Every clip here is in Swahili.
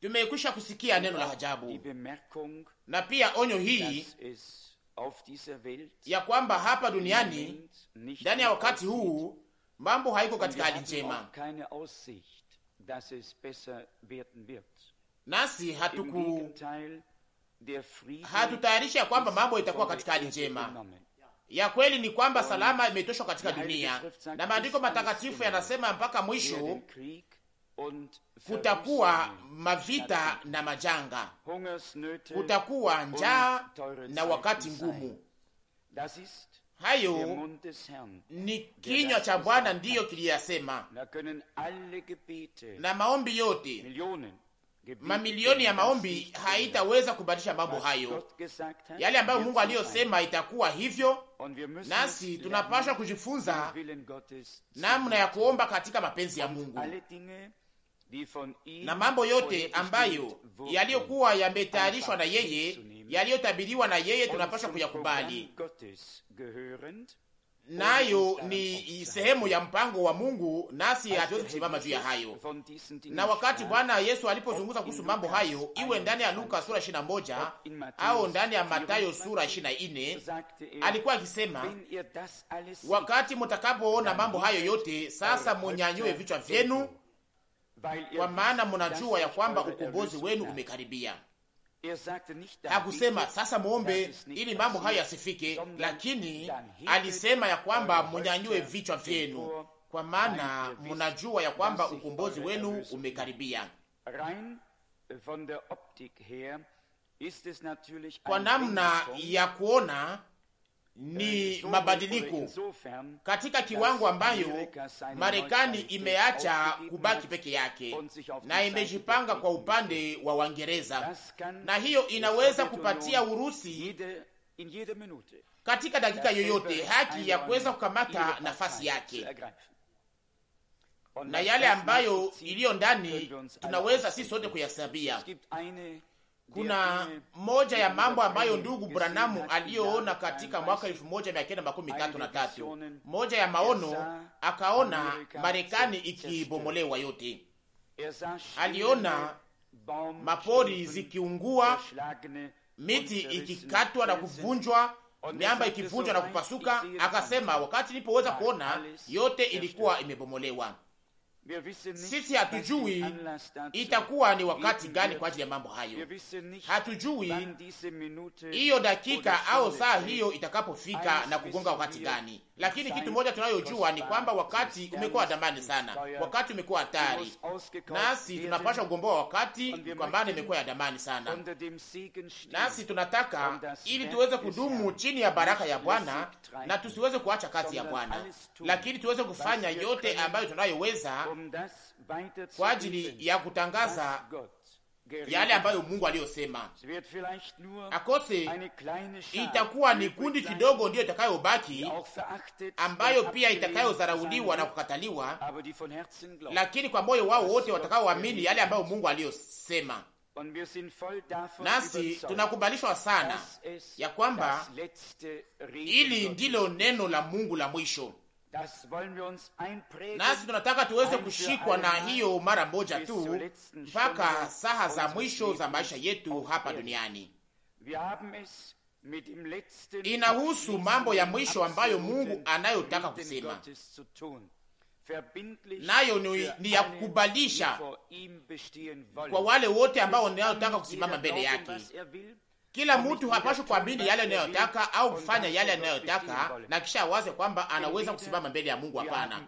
Tumekwisha kusikia neno la ajabu na pia onyo hii ya kwamba hapa duniani ndani ya wakati huu mambo haiko katika hali njema, nasi hatuku hatutayarisha kwamba mambo itakuwa katika hali njema ya kweli ni kwamba salama imetoshwa katika dunia, na maandiko matakatifu yanasema mpaka mwisho kutakuwa mavita na majanga, kutakuwa njaa na wakati ngumu. Hayo ni kinywa cha Bwana ndiyo kiliyasema, na maombi yote mamilioni ya maombi haitaweza kubadilisha mambo hayo. Yale ambayo Mungu aliyosema itakuwa hivyo, nasi tunapaswa kujifunza namna ya kuomba katika mapenzi ya Mungu na mambo yote ambayo yaliyokuwa yametayarishwa na yeye, yaliyotabiriwa na yeye, tunapaswa kuyakubali nayo ni sehemu ya mpango wa Mungu, nasi hatuwezi kusimama juu ya hayo. Na wakati Bwana Yesu alipozungumza kuhusu mambo hayo, iwe ndani ya Luka sura 21 au ndani ya Mathayo sura 24, eh, alikuwa akisema, wakati mutakapoona mambo hayo yote, sasa munyanyue vichwa vyenu, kwa maana munajua ya kwamba ukombozi wenu umekaribia. Er Hakusema sasa muombe ili mambo hayo yasifike, lakini er alisema ya kwamba munyanyue vichwa vyenu, kwa maana mnajua ya kwamba ukombozi wenu umekaribia. Kwa namna ya kuona ni eh, mabadiliko katika kiwango ambayo Marekani imeacha kubaki peke yake na imejipanga kwa upande wa wangereza na hiyo inaweza kupatia Urusi katika dakika yoyote haki ya kuweza kukamata nafasi yake na yale ambayo iliyo ndani tunaweza sisi sote kuyasabia kuna moja ya mambo ambayo ndugu Branamu aliyoona katika mwaka elfu moja mia kenda makumi tatu na tatu, moja ya maono akaona Marekani ikibomolewa yote, aliona mapori zikiungua, miti ikikatwa na kuvunjwa, miamba ikivunjwa na kupasuka. Akasema wakati nilipoweza kuona yote ilikuwa imebomolewa sisi hatujui uh, itakuwa ni wakati gani kwa ajili ya mambo hayo, hatujui hiyo dakika au saa hiyo itakapofika na kugonga wakati gani, lakini kitu moja tunayojua ni kwamba wakati umekuwa damani sana, wakati umekuwa hatari, nasi tunapashwa kugomboa wakati kwa imekuwa ya damani sana, nasi tunataka ili tuweze kudumu chini ya baraka ya Bwana na tusiweze kuacha kazi ya Bwana, lakini tuweze kufanya yote ambayo tunayoweza kwa ajili ya kutangaza yale ambayo Mungu aliyosema. Akose itakuwa ni kundi kidogo ndiyo itakayobaki ambayo pia itakayozarauliwa na kukataliwa, lakini kwa moyo wao wote watakaoamini yale ambayo Mungu aliyosema. Nasi tunakubalishwa sana ya kwamba ili ndilo neno la Mungu la mwisho nasi tunataka tuweze kushikwa na hiyo mara moja tu mpaka saha za mwisho za maisha yetu hapa duniani. Inahusu mambo ya mwisho ambayo Mungu anayotaka kusema nayo ni, ni ya kukubalisha kwa wale wote ambao wanayotaka kusimama mbele yake. Kila mtu hapashwi kuamini yale anayotaka au kufanya yale anayotaka na kisha awaze kwamba anaweza kusimama mbele ya Mungu. Hapana,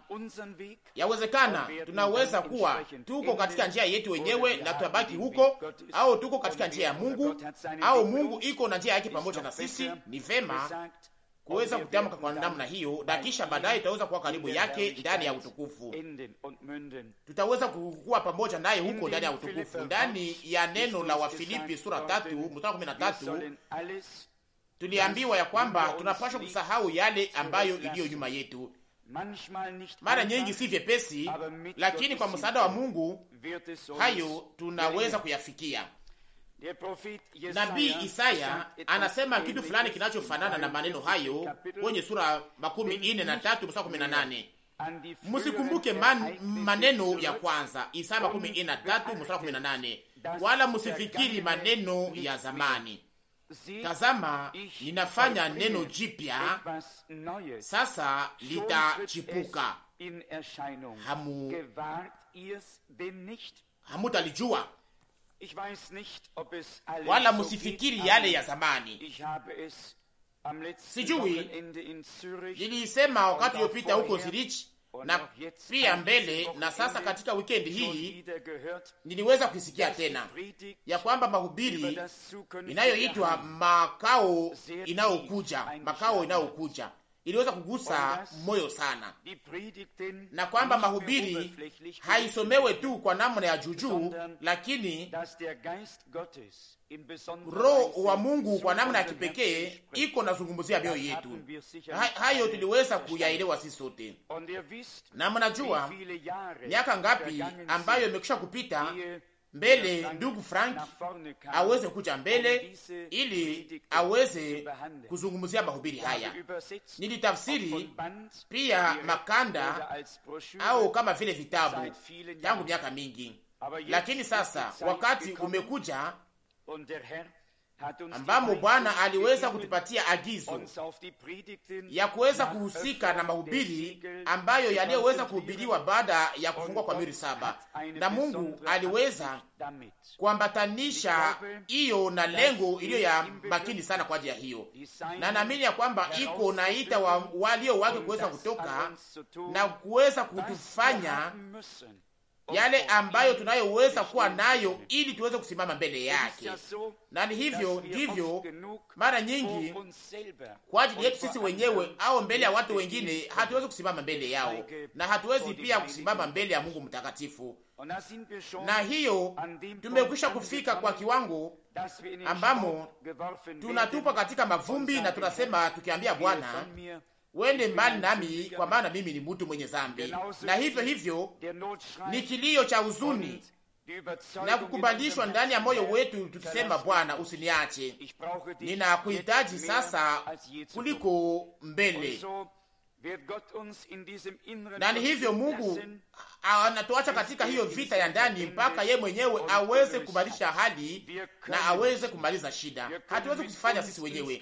yawezekana tunaweza kuwa tuko katika njia yetu wenyewe na tutabaki huko, au tuko katika njia ya Mungu, au Mungu iko na njia yake pamoja na sisi. Ni vema kuweza kutamka kwa namna hiyo, na kisha baadaye tutaweza kuwa karibu yake ndani ya utukufu. Tutaweza kukuwa pamoja naye huko ndani ya utukufu. Ndani ya neno la Wafilipi sura tatu mstari kumi na tatu tuliambiwa ya kwamba tunapaswa kusahau yale ambayo iliyo nyuma yetu. Mara nyingi si vyepesi, lakini kwa msaada wa Mungu hayo tunaweza kuyafikia. Nabii Isaya anasema kitu fulani kinachofanana na maneno hayo kwenye sura makumi ine na tatu mstari kumi na nane. Msikumbuke man, maneno ya kwanza Isaya makumi ine na tatu mstari kumi na nane, wala msifikiri maneno ya zamani. Tazama, ninafanya neno jipya sasa, litachipuka hamu hamutalijua wala musifikiri yale ya zamani. Sijui niliisema wakati uliopita huko Zurich na pia mbele na sasa katika wikendi hii niliweza kuisikia tena ya kwamba mahubiri inayoitwa makao inayokuja, makao inayokuja iliweza kugusa moyo sana, na kwamba mahubiri haisomewe tu kwa namna ya juujuu, lakini Roho wa Mungu kwa namna ya kipekee iko nazungumzia mioyo yetu. Hayo tuliweza kuyaelewa sisi sote, na mnajua miaka ngapi ambayo imekwisha kupita mbele, ndugu Frank aweze kuja mbele ili aweze kuzungumzia mahubiri haya. Nilitafsiri pia makanda au kama vile vitabu tangu miaka mingi, lakini sasa wakati umekuja ambamo Bwana aliweza kutupatia agizo ya kuweza kuhusika na mahubiri ambayo yaliyoweza kuhubiriwa baada ya kufungwa kwa miri saba, na Mungu aliweza kuambatanisha hiyo na lengo iliyo ya makini sana kwa ajili ya hiyo, na naamini ya kwamba iko naita wa walio wake kuweza kutoka na kuweza kutufanya yale ambayo tunayoweza kuwa nayo ili tuweze kusimama mbele yake, na ni hivyo ndivyo mara nyingi kwa ajili yetu sisi wenyewe au mbele ya watu wengine hatuwezi kusimama mbele yao, na hatuwezi pia kusimama mbele ya Mungu mtakatifu. Na hiyo tumekwisha kufika kwa kiwango ambamo tunatupa katika mavumbi na tunasema tukiambia Bwana wende mbali nami, kwa maana mimi ni mtu mwenye zambi. Na hivyo hivyo ni kilio cha huzuni na kukubalishwa ndani ya moyo wetu tukisema, Bwana usiniache, ninakuhitaji sasa kuliko mbele na ni hivyo Mungu anatuacha katika er hiyo vita ya ndani mpaka ye mwenyewe aweze kubadilisha hali na aweze kumaliza shida. Hatuwezi kufanya sisi wenyewe,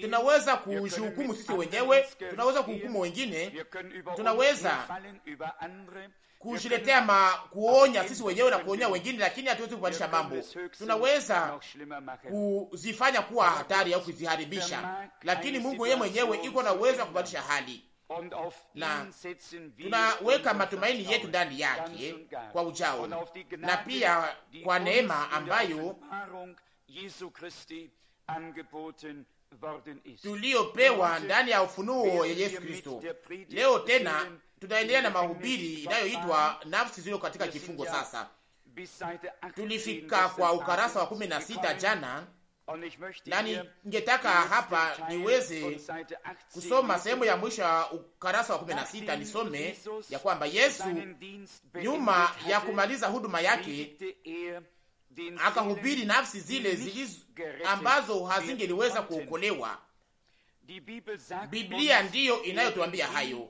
tunaweza kuhukumu sisi wenyewe, tunaweza kuhukumu wengine, tunaweza kujiletea ma kuonya sisi wenyewe na kuonya wengine, lakini hatuwezi kubadilisha mambo. Tunaweza kuzifanya kuwa hatari au kuziharibisha, lakini Mungu yeye mwenyewe iko na uwezo wa kubadilisha hali na tunaweka matumaini yetu ndani yake kwa ujao na pia kwa neema ambayo tuliyopewa ndani ya ufunuo ya Yesu Kristo. Leo tena tunaendelea na mahubiri inayoitwa nafsi zilizo katika kifungo. Sasa tulifika kwa ukarasa wa kumi na sita jana na ningetaka hapa niweze kusoma sehemu ya mwisho ya ukarasa wa 16 nisome ya kwamba Yesu nyuma ya kumaliza huduma yake er akahubiri nafsi zile zilizo ambazo hazingeliweza kuokolewa. Biblia ndiyo er inayotuambia hayo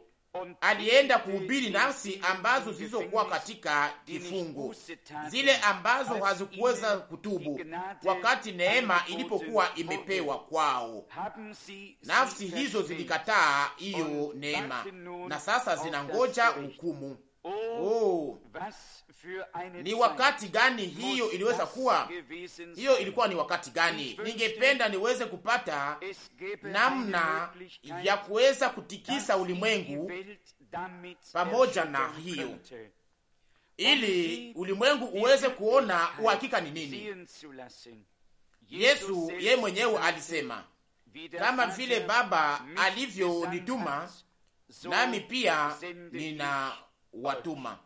alienda kuhubiri nafsi ambazo zilizokuwa katika kifungo, zile ambazo hazikuweza kutubu wakati neema ilipokuwa imepewa kwao. Nafsi hizo zilikataa hiyo neema na sasa zinangoja hukumu. Oh, ni wakati gani hiyo iliweza kuwa? Hiyo ilikuwa ni wakati gani? Ningependa niweze kupata namna ya kuweza kutikisa ulimwengu pamoja na hiyo, ili ulimwengu uweze kuona uhakika ni nini. Yesu yeye mwenyewe alisema kama vile Baba alivyonituma nami pia ninawatuma.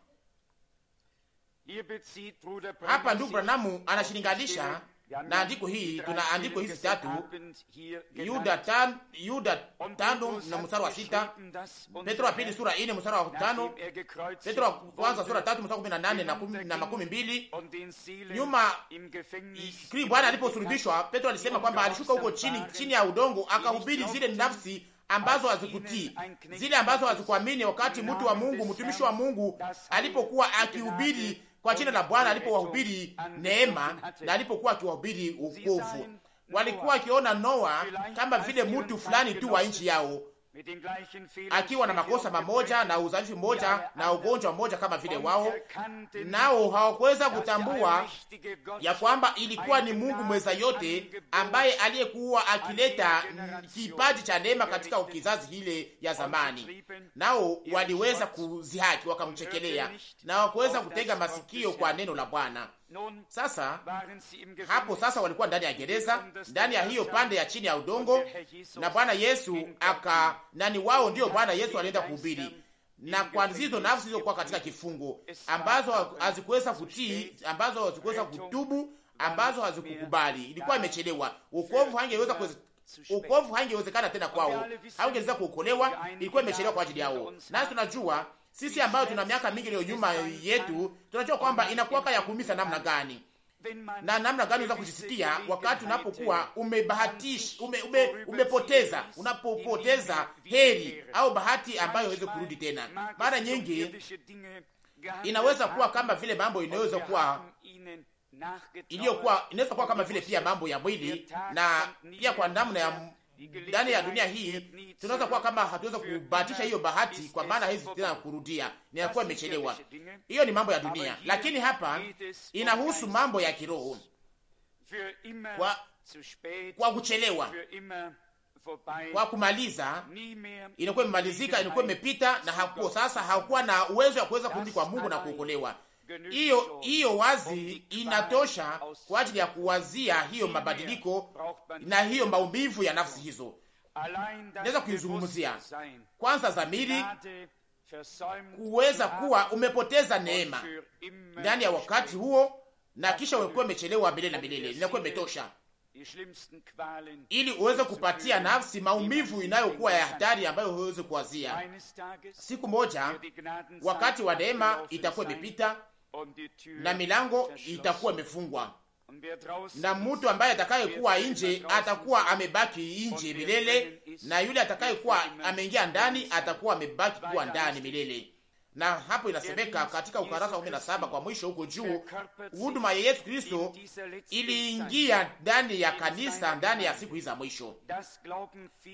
Hapa ndugu Branamu anashilinganisha na andiko hii, tuna andiko hizi tatu, Yuda tan, Yuda tano na mstari wa sita, Petro wa pili sura ine mstari wa tano, Petro wa kwanza sura tatu mstari kumi na nane na, na makumi mbili. Nyuma kri Bwana aliposulubishwa, Petro alisema kwamba alishuka huko chini chini ya udongo akahubiri zile nafsi ambazo hazikutii zile ambazo hazikuamini, wakati mtu wa Mungu mtumishi wa Mungu alipokuwa akihubiri kwa jina la Bwana alipowahubiri neema na alipokuwa akiwahubiri ukovu. Walikuwa wakiona Noa kama vile mtu fulani tu wa nchi yao, akiwa na makosa mamoja na uzalifu mmoja na ugonjwa mmoja kama vile wao, nao hawakuweza kutambua ya kwamba ilikuwa ni Mungu mweza yote ambaye aliyekuwa akileta kipaji cha neema katika kizazi hile ya zamani. Nao waliweza kuzihaki wakamchekelea, na hawakuweza kutega masikio kwa neno la Bwana. Sasa hapo sasa walikuwa ndani ya gereza, ndani ya hiyo pande ya chini ya udongo, na Bwana Yesu aka nani wao, ndiyo Bwana Yesu alienda kuhubiri na kwa zizo nafsi zilizokuwa katika kifungo, ambazo hazikuweza kutii, ambazo hazikuweza kutubu, ambazo hazikukubali, ilikuwa imechelewa. Ukovu hangeweza ukovu hangewezekana tena kwao, haungeweza kuokolewa, ilikuwa imechelewa kwa ajili yao. Nasi tunajua sisi ambayo tuna miaka mingi leo nyuma yetu tunajua kwamba inakuwaka ya kuumiza namna gani na namna gani unaweza kujisikia wakati unapokuwa umebahatish ume, ume, umepoteza unapopoteza heri au bahati ambayo haiwezi kurudi tena. Mara nyingi inaweza kuwa kama vile mambo inaweza kuwa iliyokuwa inaweza kuwa kama vile pia mambo ya mwili na pia kwa namna ya ndani ya dunia hii tunaweza kuwa kama hatuweza kubahatisha hiyo bahati, kwa maana hizi tena kurudia yakuwa imechelewa. Hiyo ni mambo ya dunia, lakini hapa inahusu mambo ya kiroho kwa, kwa kuchelewa kwa kumaliza, inakuwa imemalizika, inakuwa imepita, na hakuwa sasa, hakuwa na uwezo wa kuweza kurudi kwa Mungu na kuokolewa hiyo hiyo wazi inatosha kwa ajili ya kuwazia hiyo mabadiliko na hiyo maumivu ya nafsi hizo. Naweza kuizungumzia kwanza, zamiri kuweza kuwa umepoteza neema ndani ya wakati huo, na kisha ukuwa umechelewa milele na milele, inakuwa imetosha ili uweze kupatia nafsi maumivu inayokuwa ya hatari ambayo huwezi kuwazia. Siku moja wakati wa neema itakuwa imepita, na milango itakuwa imefungwa, na mtu ambaye atakayekuwa nje atakuwa amebaki nje milele, na yule atakayekuwa ameingia ndani atakuwa amebaki kuwa ndani milele. Na hapo inasemeka katika ukarasa wa kumi na saba kwa mwisho huko juu, huduma ya Yesu Kristo iliingia ndani ya kanisa ndani ya siku hii za mwisho,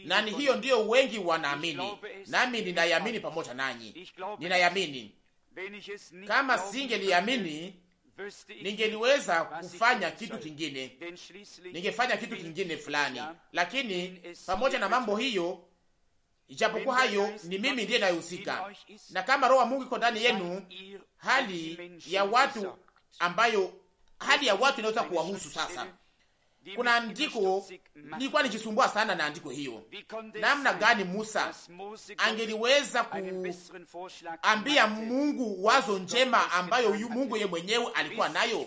na ni hiyo ndiyo wengi wanaamini, nami ninayamini pamoja nanyi, ninayamini kama singeliamini ningeliweza kufanya kitu kingine, ningefanya kitu kingine fulani. Lakini pamoja na mambo hiyo, ijapokuwa hayo, ni mimi ndiye nayehusika, na kama roho wa Mungu iko ndani yenu, hali ya watu ambayo hali ya watu inaweza kuwahusu sasa kuna andiko nilikuwa nikisumbua sana na andiko hiyo, namna gani Musa angeliweza kuambia Mungu wazo njema ambayo yu Mungu ye mwenyewe alikuwa nayo,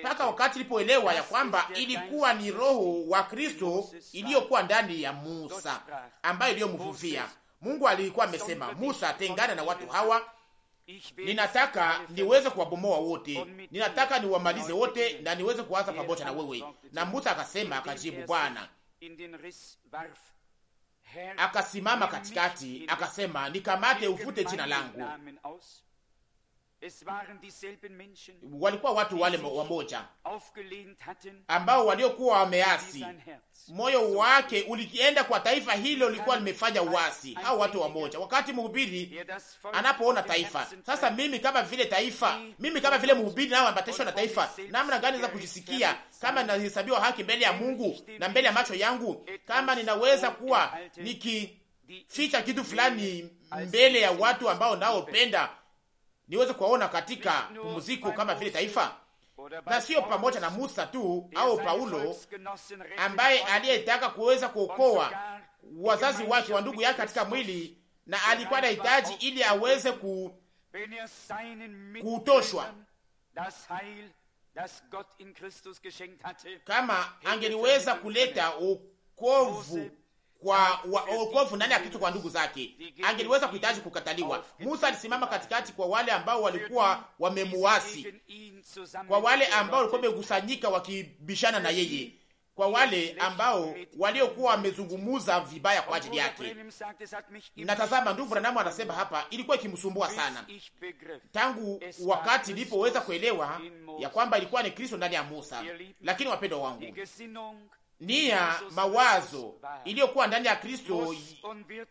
mpaka wakati ilipoelewa ya kwamba ilikuwa ni roho wa Kristo iliyokuwa ndani ya Musa ambayo iliyomuvuvia. Mungu alikuwa amesema, Musa, tengana na watu hawa Ninataka niweze kuwabomoa wote, ninataka niwamalize wote na niweze kuanza pamoja na wewe. Na Musa akasema, akajibu er Bwana akasimama katikati akasema, nikamate uvute jina langu walikuwa watu wale wamoja ambao waliokuwa wameasi, moyo wake ulikienda kwa taifa hilo lilikuwa limefanya uasi, au watu wamoja. Wakati mhubiri anapoona taifa sasa, mimi kama vile taifa, mimi kama vile mhubiri nao ambatishwa na taifa, namna gani za kujisikia kama ninahesabiwa haki mbele ya Mungu na mbele ya macho yangu, kama ninaweza kuwa nikificha kitu fulani mbele ya watu ambao naopenda niweze kuwaona katika pumziko kama vile taifa, na sio pamoja na Musa tu au Paulo ambaye aliyetaka kuweza kuokoa wazazi wake wa ndugu yake katika mwili, na alikuwa na hitaji ili aweze ku kutoshwa kama angeliweza kuleta ukovu kwa wokovu ndani ya kitu kwa ndugu zake, angeliweza kuhitaji kukataliwa. Musa alisimama katikati kwa wale ambao walikuwa wamemuasi, kwa wale ambao walikuwa wamekusanyika wakibishana na yeye, kwa wale ambao waliokuwa wamezungumuza vibaya kwa ajili yake. natazama tazama, ndugu Branamu anasema hapa, ilikuwa ikimsumbua sana tangu wakati nilipoweza kuelewa ya kwamba ilikuwa ni Kristo ndani ya Musa. Lakini wapendwa wangu nia, mawazo iliyokuwa ndani ya Kristo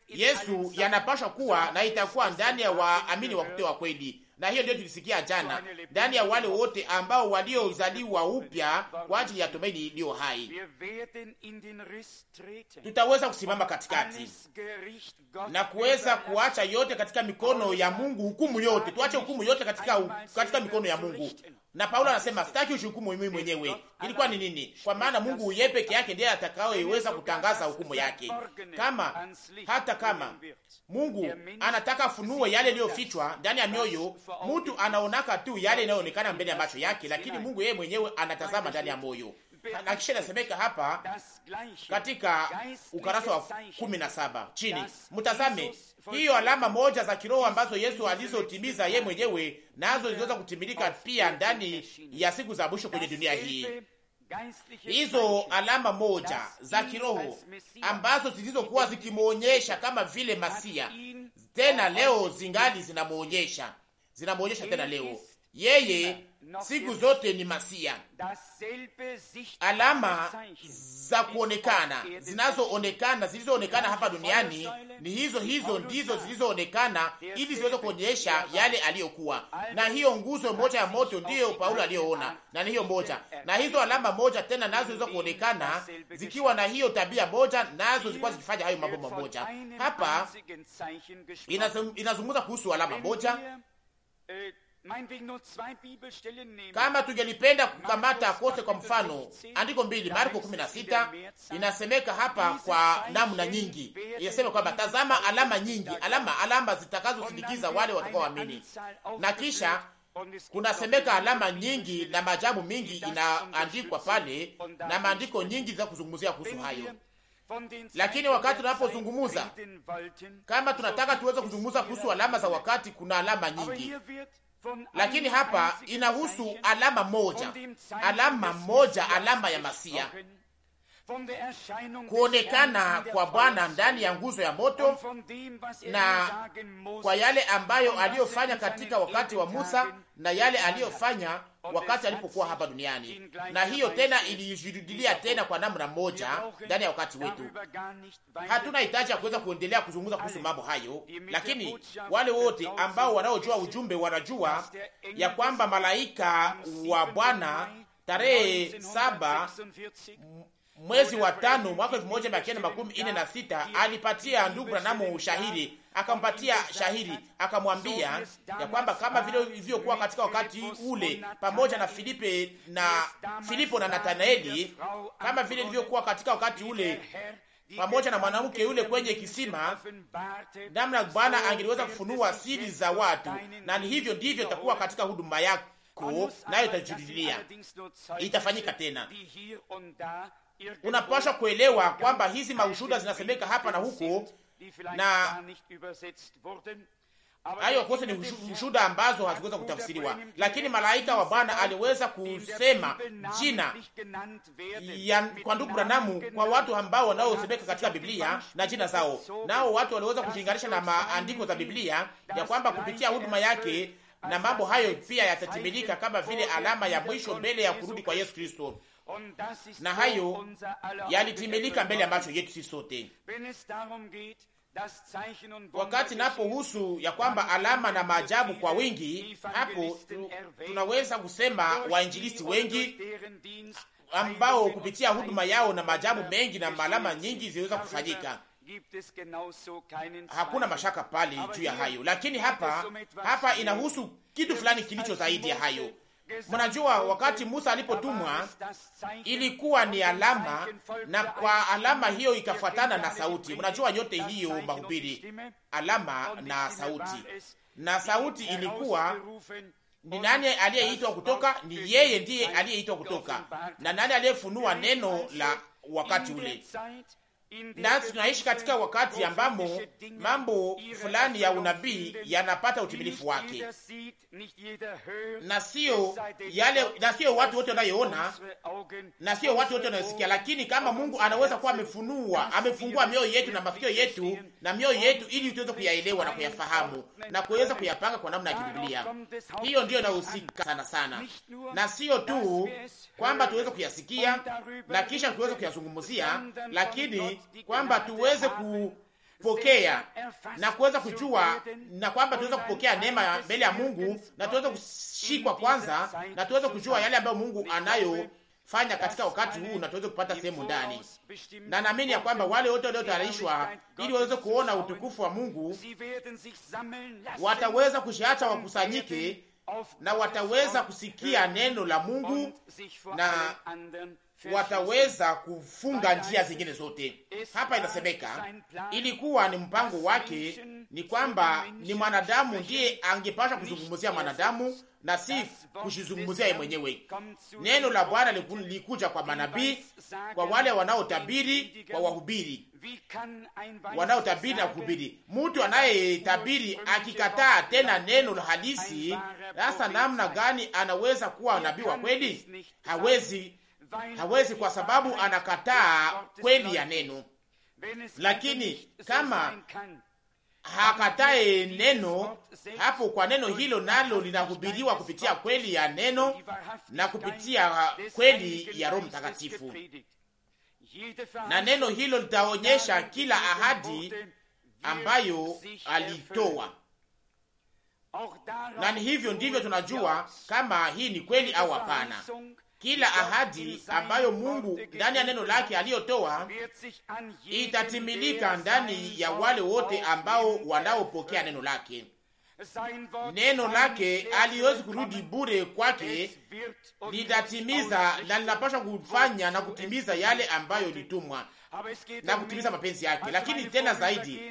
Yesu yanapashwa kuwa na itakuwa ndani ya waamini wa kutewa kweli, na hiyo ndio tulisikia jana, ndani ya wale wote ambao waliozaliwa upya kwa ajili ya tumaini iliyo hai. Tutaweza kusimama katikati na kuweza kuacha yote katika mikono ya Mungu, hukumu yote tuache, hukumu yote katika, katika mikono ya Mungu na Paulo anasema sitaki ujihukumu mimi mwenyewe. Ilikuwa ni nini? Kwa maana Mungu yeye peke yake ndiye atakayeweza kutangaza hukumu yake. Kama hata kama Mungu anataka afunue yale yaliyofichwa ndani ya mioyo, mtu anaonaka tu yale yanayoonekana mbele ya macho yake, lakini Mungu yeye mwenyewe anatazama ndani ya moyo. Na nasemeka inasemeka hapa katika ukarasa wa kumi na saba chini, mtazame hiyo alama moja za kiroho ambazo Yesu alizotimiza ye mwenyewe, nazo ziliweza kutimilika pia ndani ya siku za mwisho kwenye dunia hii. Hizo alama moja za kiroho ambazo zilizokuwa zikimwonyesha kama vile Masia, tena leo zingali zinamwonyesha, zinamwonyesha tena leo yeye siku zote ni masia, alama za kuonekana zinazoonekana zilizoonekana hapa duniani ni hizo hizo ndizo zilizoonekana ili ziweze kuonyesha yale aliyokuwa na. Hiyo nguzo moja ya moto ndiyo Paulo aliyoona, na ni hiyo moja, na hizo alama moja tena nazo zilizo kuonekana zikiwa na hiyo tabia moja, nazo zilikuwa zikifanya hayo mambo mamoja. Hapa inazungumza kuhusu alama moja äh, kama tungelipenda kukamata kose kwa mfano andiko mbili Marko sita inasemeka hapa kwa namna nyingi, inasema kwamba tazama alama nyingi, alama alama zitakazosindikiza wale watakaoamini, na kisha kunasemeka alama nyingi na maajabu mingi inaandikwa pale, na maandiko nyingi za kuzungumzia kuhusu hayo. Lakini wakati tunapozungumuza, kama tunataka tuweze kuzungumuza kuhusu alama za wakati, kuna alama nyingi lakini hapa inahusu alama moja, alama moja, alama ya Masia, kuonekana kwa Bwana ndani ya nguzo ya moto er na kwa yale ambayo aliyofanya er katika wakati wa Musa na yale er aliyofanya wakati alipokuwa hapa duniani, na hiyo tena ilijirudilia tena kwa namna moja ndani ya wakati wetu. Hatuna hitaji ya kuweza kuendelea kuzungumza kuhusu mambo hayo, lakini wale wote ambao wanaojua ujumbe wanajua ya kwamba malaika wa Bwana tarehe saba mwezi wa tano mwaka elfu moja mia kenda makumi ine na sita alipatia ndugu Branamu ushahiri, akampatia shahiri akamwambia ya kwamba kama vile ilivyokuwa katika wakati ule pamoja na Filipe na Filipo na Nathanaeli, kama vile ilivyokuwa katika wakati ule pamoja na mwanamke yule kwenye kisima, namna Bwana angeliweza kufunua siri za watu, na hivyo ndivyo itakuwa katika huduma yako, nayo itajulilia itafanyika tena unapasha kuelewa kwamba hizi maushuda zinasemeka hapa na huko, na hayo kose ni ushuda ambazo hazikuweza kutafsiriwa, lakini malaika wa Bwana aliweza kusema jina ya kwa ndugu Branamu kwa watu ambao wanaosemeka katika Biblia na jina zao, nao watu waliweza kujilinganisha na maandiko za Biblia ya kwamba kupitia huduma yake na mambo hayo pia yatatimilika kama vile alama ya mwisho mbele ya kurudi kwa Yesu Kristo na hayo yalitimilika mbele ya macho yetu sisi sote. Wakati napo husu ya kwamba alama na maajabu kwa wingi, hapo tunaweza kusema wainjilisti wengi ambao kupitia huduma yao na maajabu mengi na alama nyingi ziliweza kufanyika. Hakuna mashaka pale juu ya hayo, lakini hapa hapa inahusu kitu fulani kilicho zaidi ya hayo Mnajua wakati Musa alipotumwa ilikuwa ni alama, na kwa alama hiyo ikafuatana na sauti. Mnajua yote hiyo mahubiri, alama na sauti, na sauti ilikuwa ni nani aliyeitwa kutoka? Ni yeye ndiye aliyeitwa kutoka, na nani aliyefunua neno la wakati ule nasi tunaishi katika wakati ambamo mambo fulani ya unabii yanapata utimilifu wake, na sio yale, na sio watu wote wanayoona, na sio watu wote wanayosikia. Lakini kama Mungu anaweza kuwa amefunua, amefungua mioyo yetu na mafikio yetu na mioyo yetu, ili tuweze kuyaelewa na kuyafahamu na kuweza kuyapanga kwa namna ya Kibiblia. Hiyo ndiyo inayohusika sana sana, na sio tu kwamba tuweze kuyasikia na kisha tuweze kuyazungumzia, lakini kwamba tuweze kupokea na kuweza kujua, na kwamba tuweze kupokea neema mbele ya Mungu na tuweze kushikwa kwanza, na tuweze kujua yale ambayo Mungu anayo fanya katika wakati huu na tuweze kupata sehemu ndani, na naamini ya kwamba wale wote waliotayarishwa ili waweze kuona utukufu wa Mungu wataweza kushiacha wakusanyike na wataweza kusikia neno la Mungu na wataweza kufunga njia zingine zote. Hapa inasemeka ilikuwa ni mpango wake, ni kwamba ni mwanadamu ndiye angepasha kuzungumzia mwanadamu na si kujizungumzia yeye mwenyewe. Neno la Bwana likuja kwa manabii, kwa wale wanaotabiri, kwa wahubiri wanaotabiri na kuhubiri. Mtu anayetabiri akikataa tena neno la halisi, sasa namna gani anaweza kuwa nabii wa kweli? Hawezi, hawezi, kwa sababu anakataa kweli ya neno. Lakini kama hakatae neno, hapo kwa neno hilo nalo linahubiriwa kupitia kweli ya neno na kupitia kweli ya Roho Mtakatifu na neno hilo litaonyesha kila ahadi ambayo alitoa, na ni hivyo ndivyo tunajua kama hii ni kweli au hapana. Kila ahadi ambayo Mungu ndani ya neno lake aliyotoa itatimilika ndani ya wale wote ambao wanaopokea neno lake neno lake aliwezi kurudi bure kwake, litatimiza na linapashwa kufanya na kutimiza yale ambayo litumwa na kutimiza mapenzi yake, lakini tena zaidi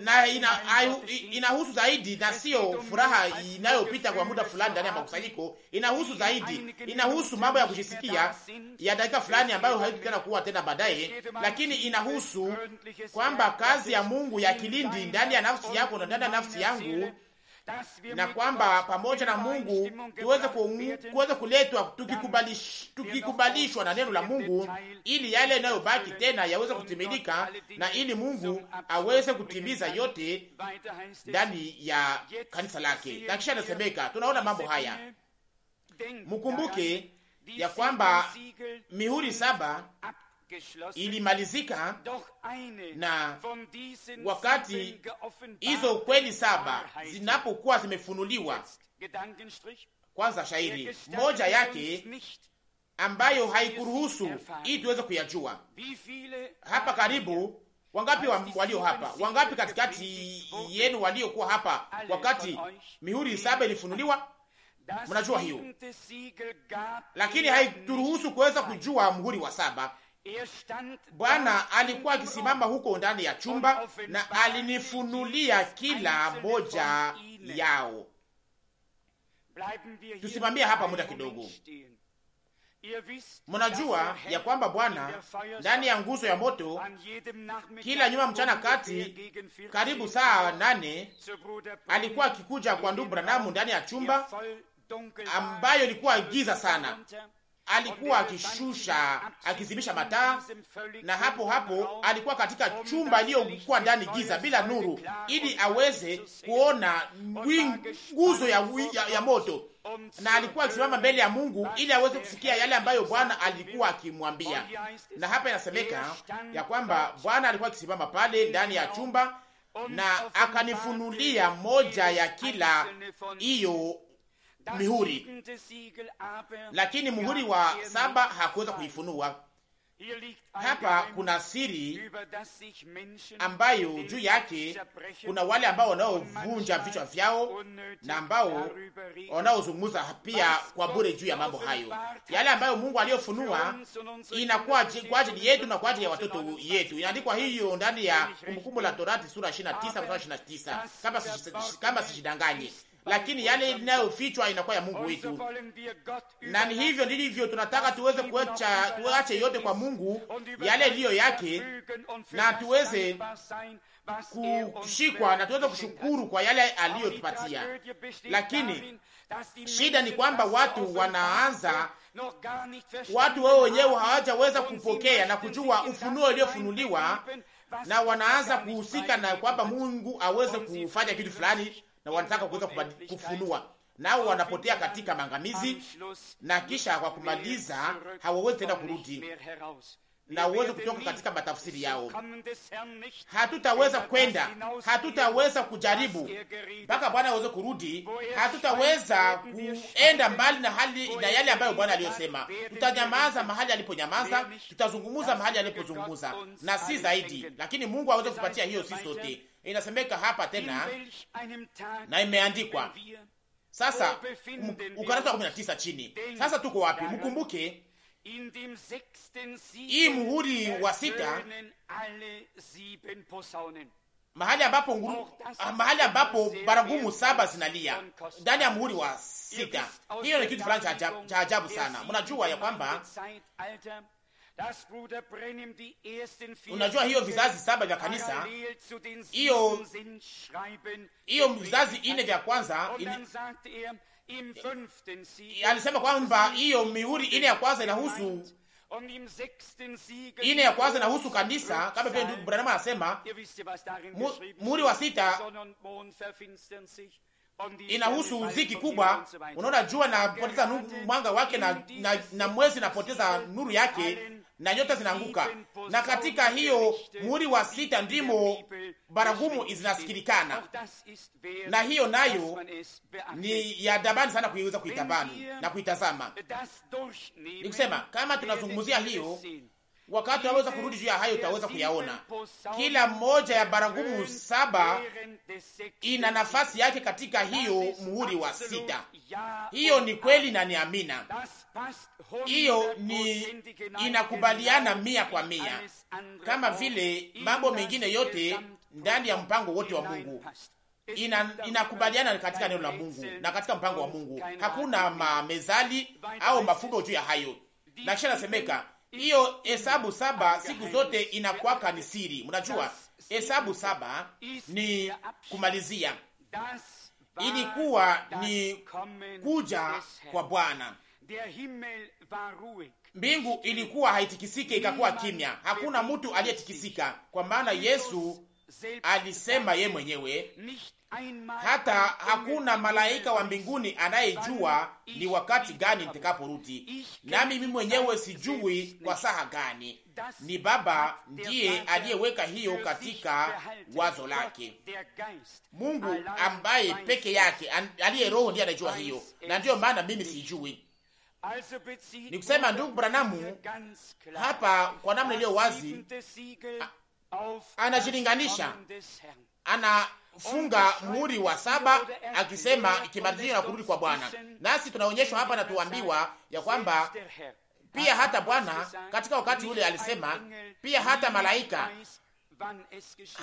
na inahusu ina, inahusu zaidi na sio furaha inayopita kwa muda fulani ndani ya makusanyiko. Inahusu zaidi, inahusu mambo ya kujisikia ya dakika fulani ambayo tena kuwa tena baadaye, lakini inahusu kwamba kazi ya Mungu ya kilindi ndani ya nafsi yako na ndani ya nafsi yangu na kwamba pamoja na Mungu tuweze kuweze kuletwa tukikubalish, tukikubalishwa na neno la Mungu, ili yale yanayobaki tena yaweze kutimilika na ili Mungu aweze kutimiza yote ndani ya kanisa lake. Na kisha anasemeka, tunaona mambo haya, mkumbuke ya kwamba mihuri saba ilimalizika na wakati hizo ukweli saba zinapokuwa zimefunuliwa. Kwanza shairi moja yake ambayo haikuruhusu ili tuweze kuyajua hapa karibu. Wangapi wa, walio hapa? Wangapi katikati yenu waliokuwa hapa wakati mihuri saba ilifunuliwa? Mnajua hiyo, lakini haituruhusu kuweza kujua muhuri wa saba Bwana alikuwa akisimama huko ndani ya chumba na alinifunulia kila moja yao. Tusimamie hapa muda kidogo. Mnajua ya kwamba Bwana ndani ya nguzo ya moto kila nyuma mchana kati karibu saa nane alikuwa akikuja kwa ndugu Branamu ndani ya chumba ambayo ilikuwa giza sana alikuwa akishusha akizimisha mataa, na hapo hapo alikuwa katika chumba iliyokuwa ndani giza bila nuru, ili aweze kuona nguzo ya, ya, ya moto, na alikuwa akisimama mbele ya Mungu ili aweze kusikia yale ambayo Bwana alikuwa akimwambia. Na hapa inasemeka ya kwamba Bwana alikuwa akisimama pale ndani ya chumba na akanifunulia moja ya kila hiyo mihuri, lakini muhuri wa saba hakuweza kuifunua. Hapa kuna siri ambayo juu yake kuna wale ambao wanaovunja vichwa vyao na ambao wanaozungumza pia kwa bure juu ya mambo hayo, yale ambayo Mungu aliyofunua inakuwa kwa ajili yetu na kwa ajili ya watoto yetu. Inaandikwa hiyo ndani ya Kumbukumbu la Torati sura 29 29, kama sijidanganye, lakini yale inayofichwa inakuwa ya Mungu wetu, na ni hivyo ndivyo tunataka tuweze kuacha, tuache yote kwa Mungu yale iliyo yake, na tuweze kushikwa na tuweze kushukuru kwa yale aliyotupatia. Lakini shida ni kwamba watu wanaanza, watu wao wenyewe hawajaweza kupokea na kujua ufunuo uliofunuliwa na wanaanza kuhusika na kwamba Mungu aweze kufanya kitu fulani na wanataka kuweza kufunua, nao wanapotea katika maangamizi, na kisha kwa kumaliza hawawezi tena kurudi na uweze kutoka katika matafsiri yao. Hatutaweza kwenda, hatutaweza kujaribu mpaka Bwana aweze kurudi. Hatutaweza kuenda mbali na hali na yale ambayo Bwana aliyosema. Tutanyamaza mahali aliponyamaza, tutazungumuza mahali alipozungumuza, na si zaidi. Lakini Mungu aweze kupatia hiyo, si sote Inasemeka hapa tena na imeandikwa sasa, ukarasa wa 19 chini. Sasa tuko wapi? Mkumbuke hii muhuri wa sita, mahali ambapo nguru, ah, mahali ambapo baragumu saba zinalia ndani ya muhuri wa sita. Hiyo ni kitu fulani cha ajabu sana. Mnajua ya kwamba Unajua hiyo vizazi saba vya kanisa, hiyo hiyo vizazi ine vya kwanza er alisema kwamba hiyo mihuri ine ya kwanza inahusu ine ya kwanza inahusu kanisa, kama vile ndugu Branham anasema. Muhuri wa sita inahusu ziki kubwa. Unaona, jua napoteza mwanga wake na, na, na mwezi napoteza nuru yake na nyota zinaanguka, na katika hiyo muhuri wa sita ndimo baragumu zinasikilikana, na hiyo nayo ni ya dabani sana kuiweza kuitabani na kuitazama. Nikusema kama tunazungumzia hiyo Wakati unaweza kurudi juu ya hayo, utaweza kuyaona. Kila moja ya baragumu saba ina nafasi yake katika hiyo muhuri wa sita. Hiyo ni kweli na ni amina, hiyo ni inakubaliana mia kwa mia, kama vile mambo mengine yote ndani ya mpango wote wa Mungu ina inakubaliana katika neno la Mungu na katika mpango wa Mungu. Hakuna mamezali au mafundo juu ya hayo, na kisha nasemeka hiyo hesabu saba siku zote inakwaka ni siri. Mnajua hesabu saba ni kumalizia, ilikuwa ni kuja kwa Bwana. Mbingu ilikuwa haitikisike, ikakuwa kimya, hakuna mtu aliyetikisika, kwa maana Yesu alisema ye mwenyewe hata hakuna malaika wa mbinguni anayejua ni wakati gani nitakaporudi, nami mimi mwenyewe sijui kwa saha gani. Ni Baba ndiye aliyeweka hiyo katika wazo lake. Mungu ambaye peke yake aliye Roho ndiye anajua hiyo, na ndiyo maana mimi sijui. Ni kusema ndugu Branamu hapa kwa namna iliyo wazi anajilinganisha ana funga muhuri wa saba akisema ikimalizia na kurudi kwa Bwana. Nasi tunaonyeshwa hapa na tuambiwa ya kwamba pia hata Bwana katika wakati ule alisema pia hata malaika,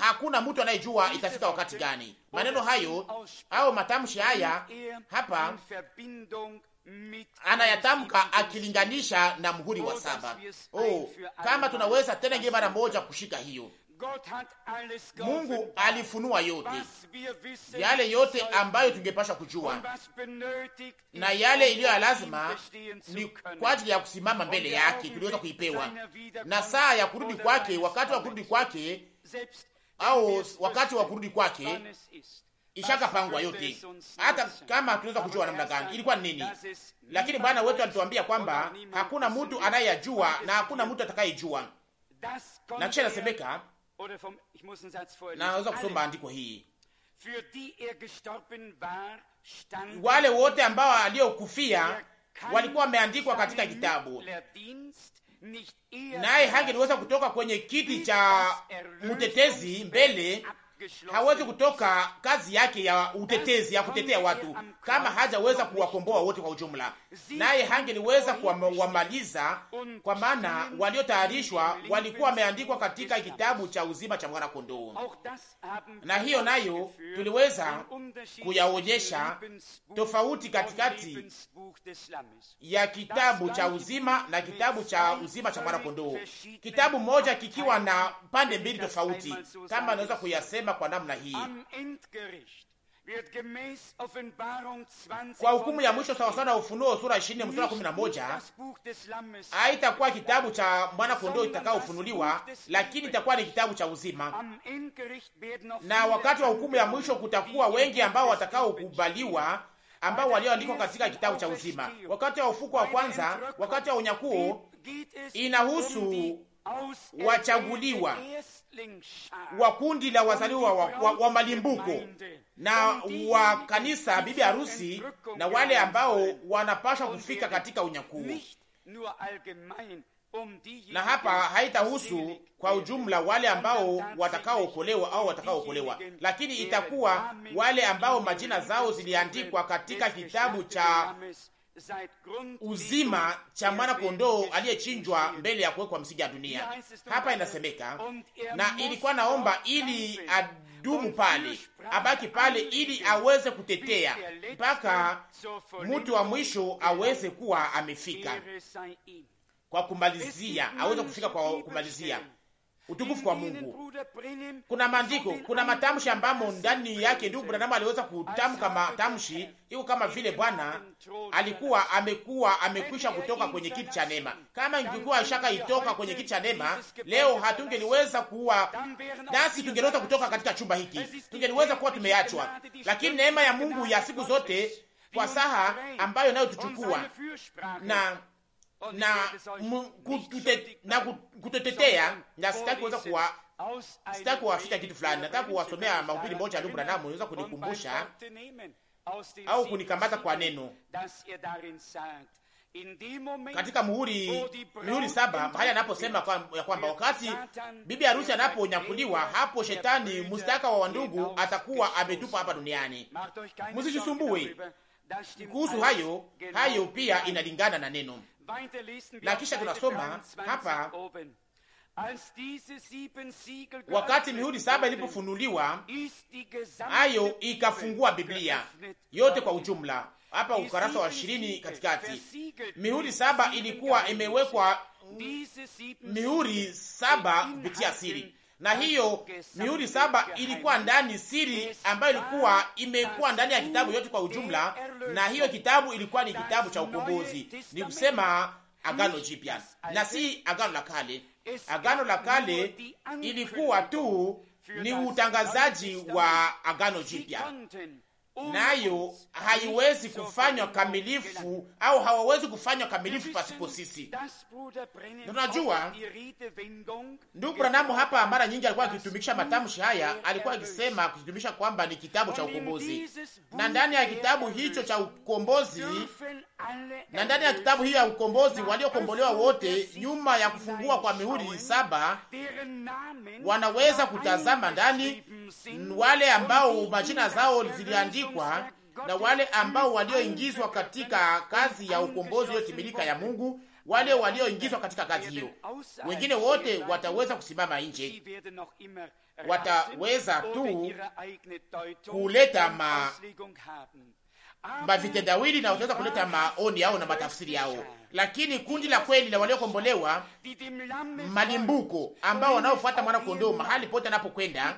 hakuna mtu anayejua itafika wakati gani. Maneno hayo au matamshi haya hapa anayatamka akilinganisha na mhuri wa saba. Oh, kama tunaweza tena ngie mara moja kushika hiyo Mungu alifunua yote yale yote ambayo tungepasha kujua na yale iliyo ya lazima ni kwa ajili ya kusimama mbele yake, tuliweza kuipewa na saa ya kurudi kwake, wakati wa kurudi kwake au wakati wa kurudi kwake ishakapangwa yote, hata kama tunaweza kujua namna gani ilikuwa ni nini. Lakini Bwana wetu alituambia kwamba hakuna mtu anayeyajua na hakuna mtu atakayejua, na kisha inasemeka Naweza kusoma andiko hii, wale wote ambao aliokufia walikuwa wameandikwa katika kitabu, naye hangeliweza kutoka kwenye kiti cha mtetezi mbele hawezi kutoka kazi yake ya utetezi ya kutetea watu kama hajaweza kuwakomboa wote kwa ujumla, naye hangeliweza kuwamaliza kwa maana waliotayarishwa walikuwa wameandikwa katika kitabu cha uzima cha mwana kondoo. Na hiyo nayo tuliweza kuyaonyesha tofauti katikati ya kitabu cha uzima na kitabu cha uzima cha mwana kondoo, kitabu moja kikiwa na pande mbili tofauti, kama naweza kuyasema kusema kwa namna hii kwa hukumu ya mwisho sawasawa na Ufunuo sura 20 mstari 11, haitakuwa kitabu cha mwana kondoo itakaofunuliwa, lakini itakuwa ni kitabu cha uzima. Na wakati wa hukumu ya mwisho kutakuwa wengi ambao watakaokubaliwa, ambao walioandikwa katika kitabu cha uzima. Wakati wa ufuko wa kwanza, wakati wa unyakuo inahusu um wachaguliwa wa kundi la wazaliwa wa, wa, wa malimbuko na wa kanisa bibi harusi na wale ambao wanapashwa kufika katika unyakuo. Na hapa haitahusu kwa ujumla wale ambao watakaookolewa au watakaookolewa, lakini itakuwa wale ambao majina zao ziliandikwa katika kitabu cha uzima cha mwana kondoo aliyechinjwa mbele ya kuwekwa msingi ya dunia. Hapa inasemeka na ilikuwa naomba ili adumu pale, abaki pale, ili aweze kutetea mpaka mtu wa mwisho aweze kuwa amefika kwa kumalizia, aweze kufika kwa kumalizia utukufu kwa Mungu. Kuna maandiko, kuna matamshi ambamo ndani yake ndugu Branham aliweza kutamka matamshi hiyo, kama vile Bwana alikuwa amekuwa amekwisha kutoka kwenye kiti cha neema. Kama ingekuwa ishaka itoka kwenye kiti cha neema leo, hatungeliweza kuwa nasi, tungeliweza kutoka katika chumba hiki, tungeliweza kuwa tumeachwa, lakini neema ya Mungu ya siku zote kwa saha ambayo nayo tuchukua na Oh, na kutotetea na sitaki kuweza kuwa sitaki kuwaficha kitu fulani. Nataka kuwasomea mahubiri moja ya ndugu niweza kunikumbusha au kunikamata kwa neno katika muhuri muhuri saba mahali anaposema kwa, ya kwamba wakati bibi harusi anaponyakuliwa, hapo shetani mustaka wa wandugu atakuwa ametupa hapa duniani. Msijisumbue kuhusu hayo hayo pia inalingana na neno na kisha tunasoma hapa wakati mihuri saba ilipofunuliwa, hayo ikafungua Biblia yote kwa ujumla. Hapa ukarasa wa ishirini katikati, mihuri saba ilikuwa imewekwa mihuri saba kupitia siri na hiyo mihuri saba ilikuwa ndani siri ambayo ilikuwa imekuwa ndani ya kitabu yote kwa ujumla, na hiyo kitabu ilikuwa ni kitabu cha ukombozi, ni kusema Agano Jipya na si Agano la Kale. Agano la Kale ilikuwa tu ni utangazaji wa Agano Jipya nayo haiwezi kufanywa kamilifu au hawawezi kufanywa kamilifu pasipo sisi. Tunajua ndugu Branamu hapa mara nyingi alikuwa akitumikisha matamshi haya, alikuwa akisema akitumisha kwamba ni kitabu cha ukombozi, na ndani ya kitabu hicho cha ukombozi na ndani ya kitabu hiyo ya ukombozi waliokombolewa wote, nyuma ya kufungua kwa mihuri saba, wanaweza kutazama ndani, wale ambao majina zao ziliandikwa na wale ambao walioingizwa katika kazi ya ukombozi yotimilika ya Mungu, wale walioingizwa katika kazi hiyo. Wengine wote wataweza kusimama nje, wataweza tu kuleta ma mavitendawili na wataweza kuleta maoni yao na matafsiri yao, lakini kundi la kweli la waliokombolewa malimbuko, ambao wanaofuata mwana kondoo mahali pote anapokwenda,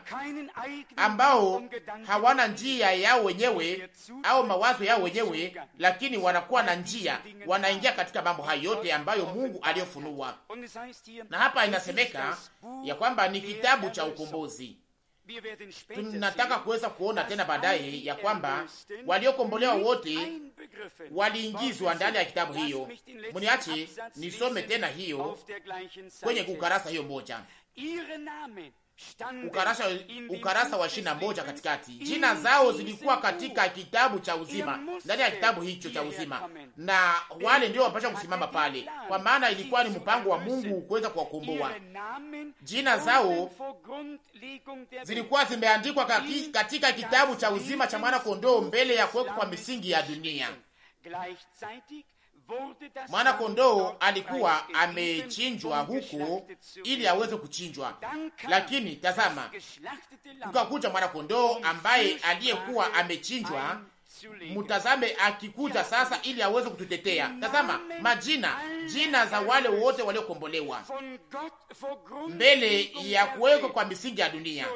ambao hawana njia yao wenyewe au mawazo yao wenyewe, lakini wanakuwa na njia, wanaingia katika mambo hayo yote ambayo Mungu aliyofunua. Na hapa inasemeka ya kwamba ni kitabu cha ukombozi tunataka kuweza kuona tena baadaye ya kwamba waliokombolewa wote waliingizwa ndani ya kitabu hiyo. Mniache nisome tena hiyo kwenye kukarasa hiyo moja ukarasa, ukarasa wa ishirini na moja katikati. Jina zao zilikuwa katika kitabu cha uzima, ndani ya kitabu hicho cha uzima, na wale ndio wapasha kusimama pale, kwa maana ilikuwa ni mpango wa Mungu kuweza kuwakomboa. Jina zao zilikuwa zimeandikwa katika kitabu cha uzima cha mwana kondoo mbele ya kuwekwa kwa misingi ya dunia mwana-kondoo alikuwa amechinjwa huko ili um. aweze kuchinjwa, lakini tazama, kukakuja mwana-kondoo ambaye aliyekuwa amechinjwa mtazame akikuja sasa, ili aweze kututetea. Tazama majina, jina za wale wote waliokombolewa mbele ya kuwekwa kwa misingi ya dunia,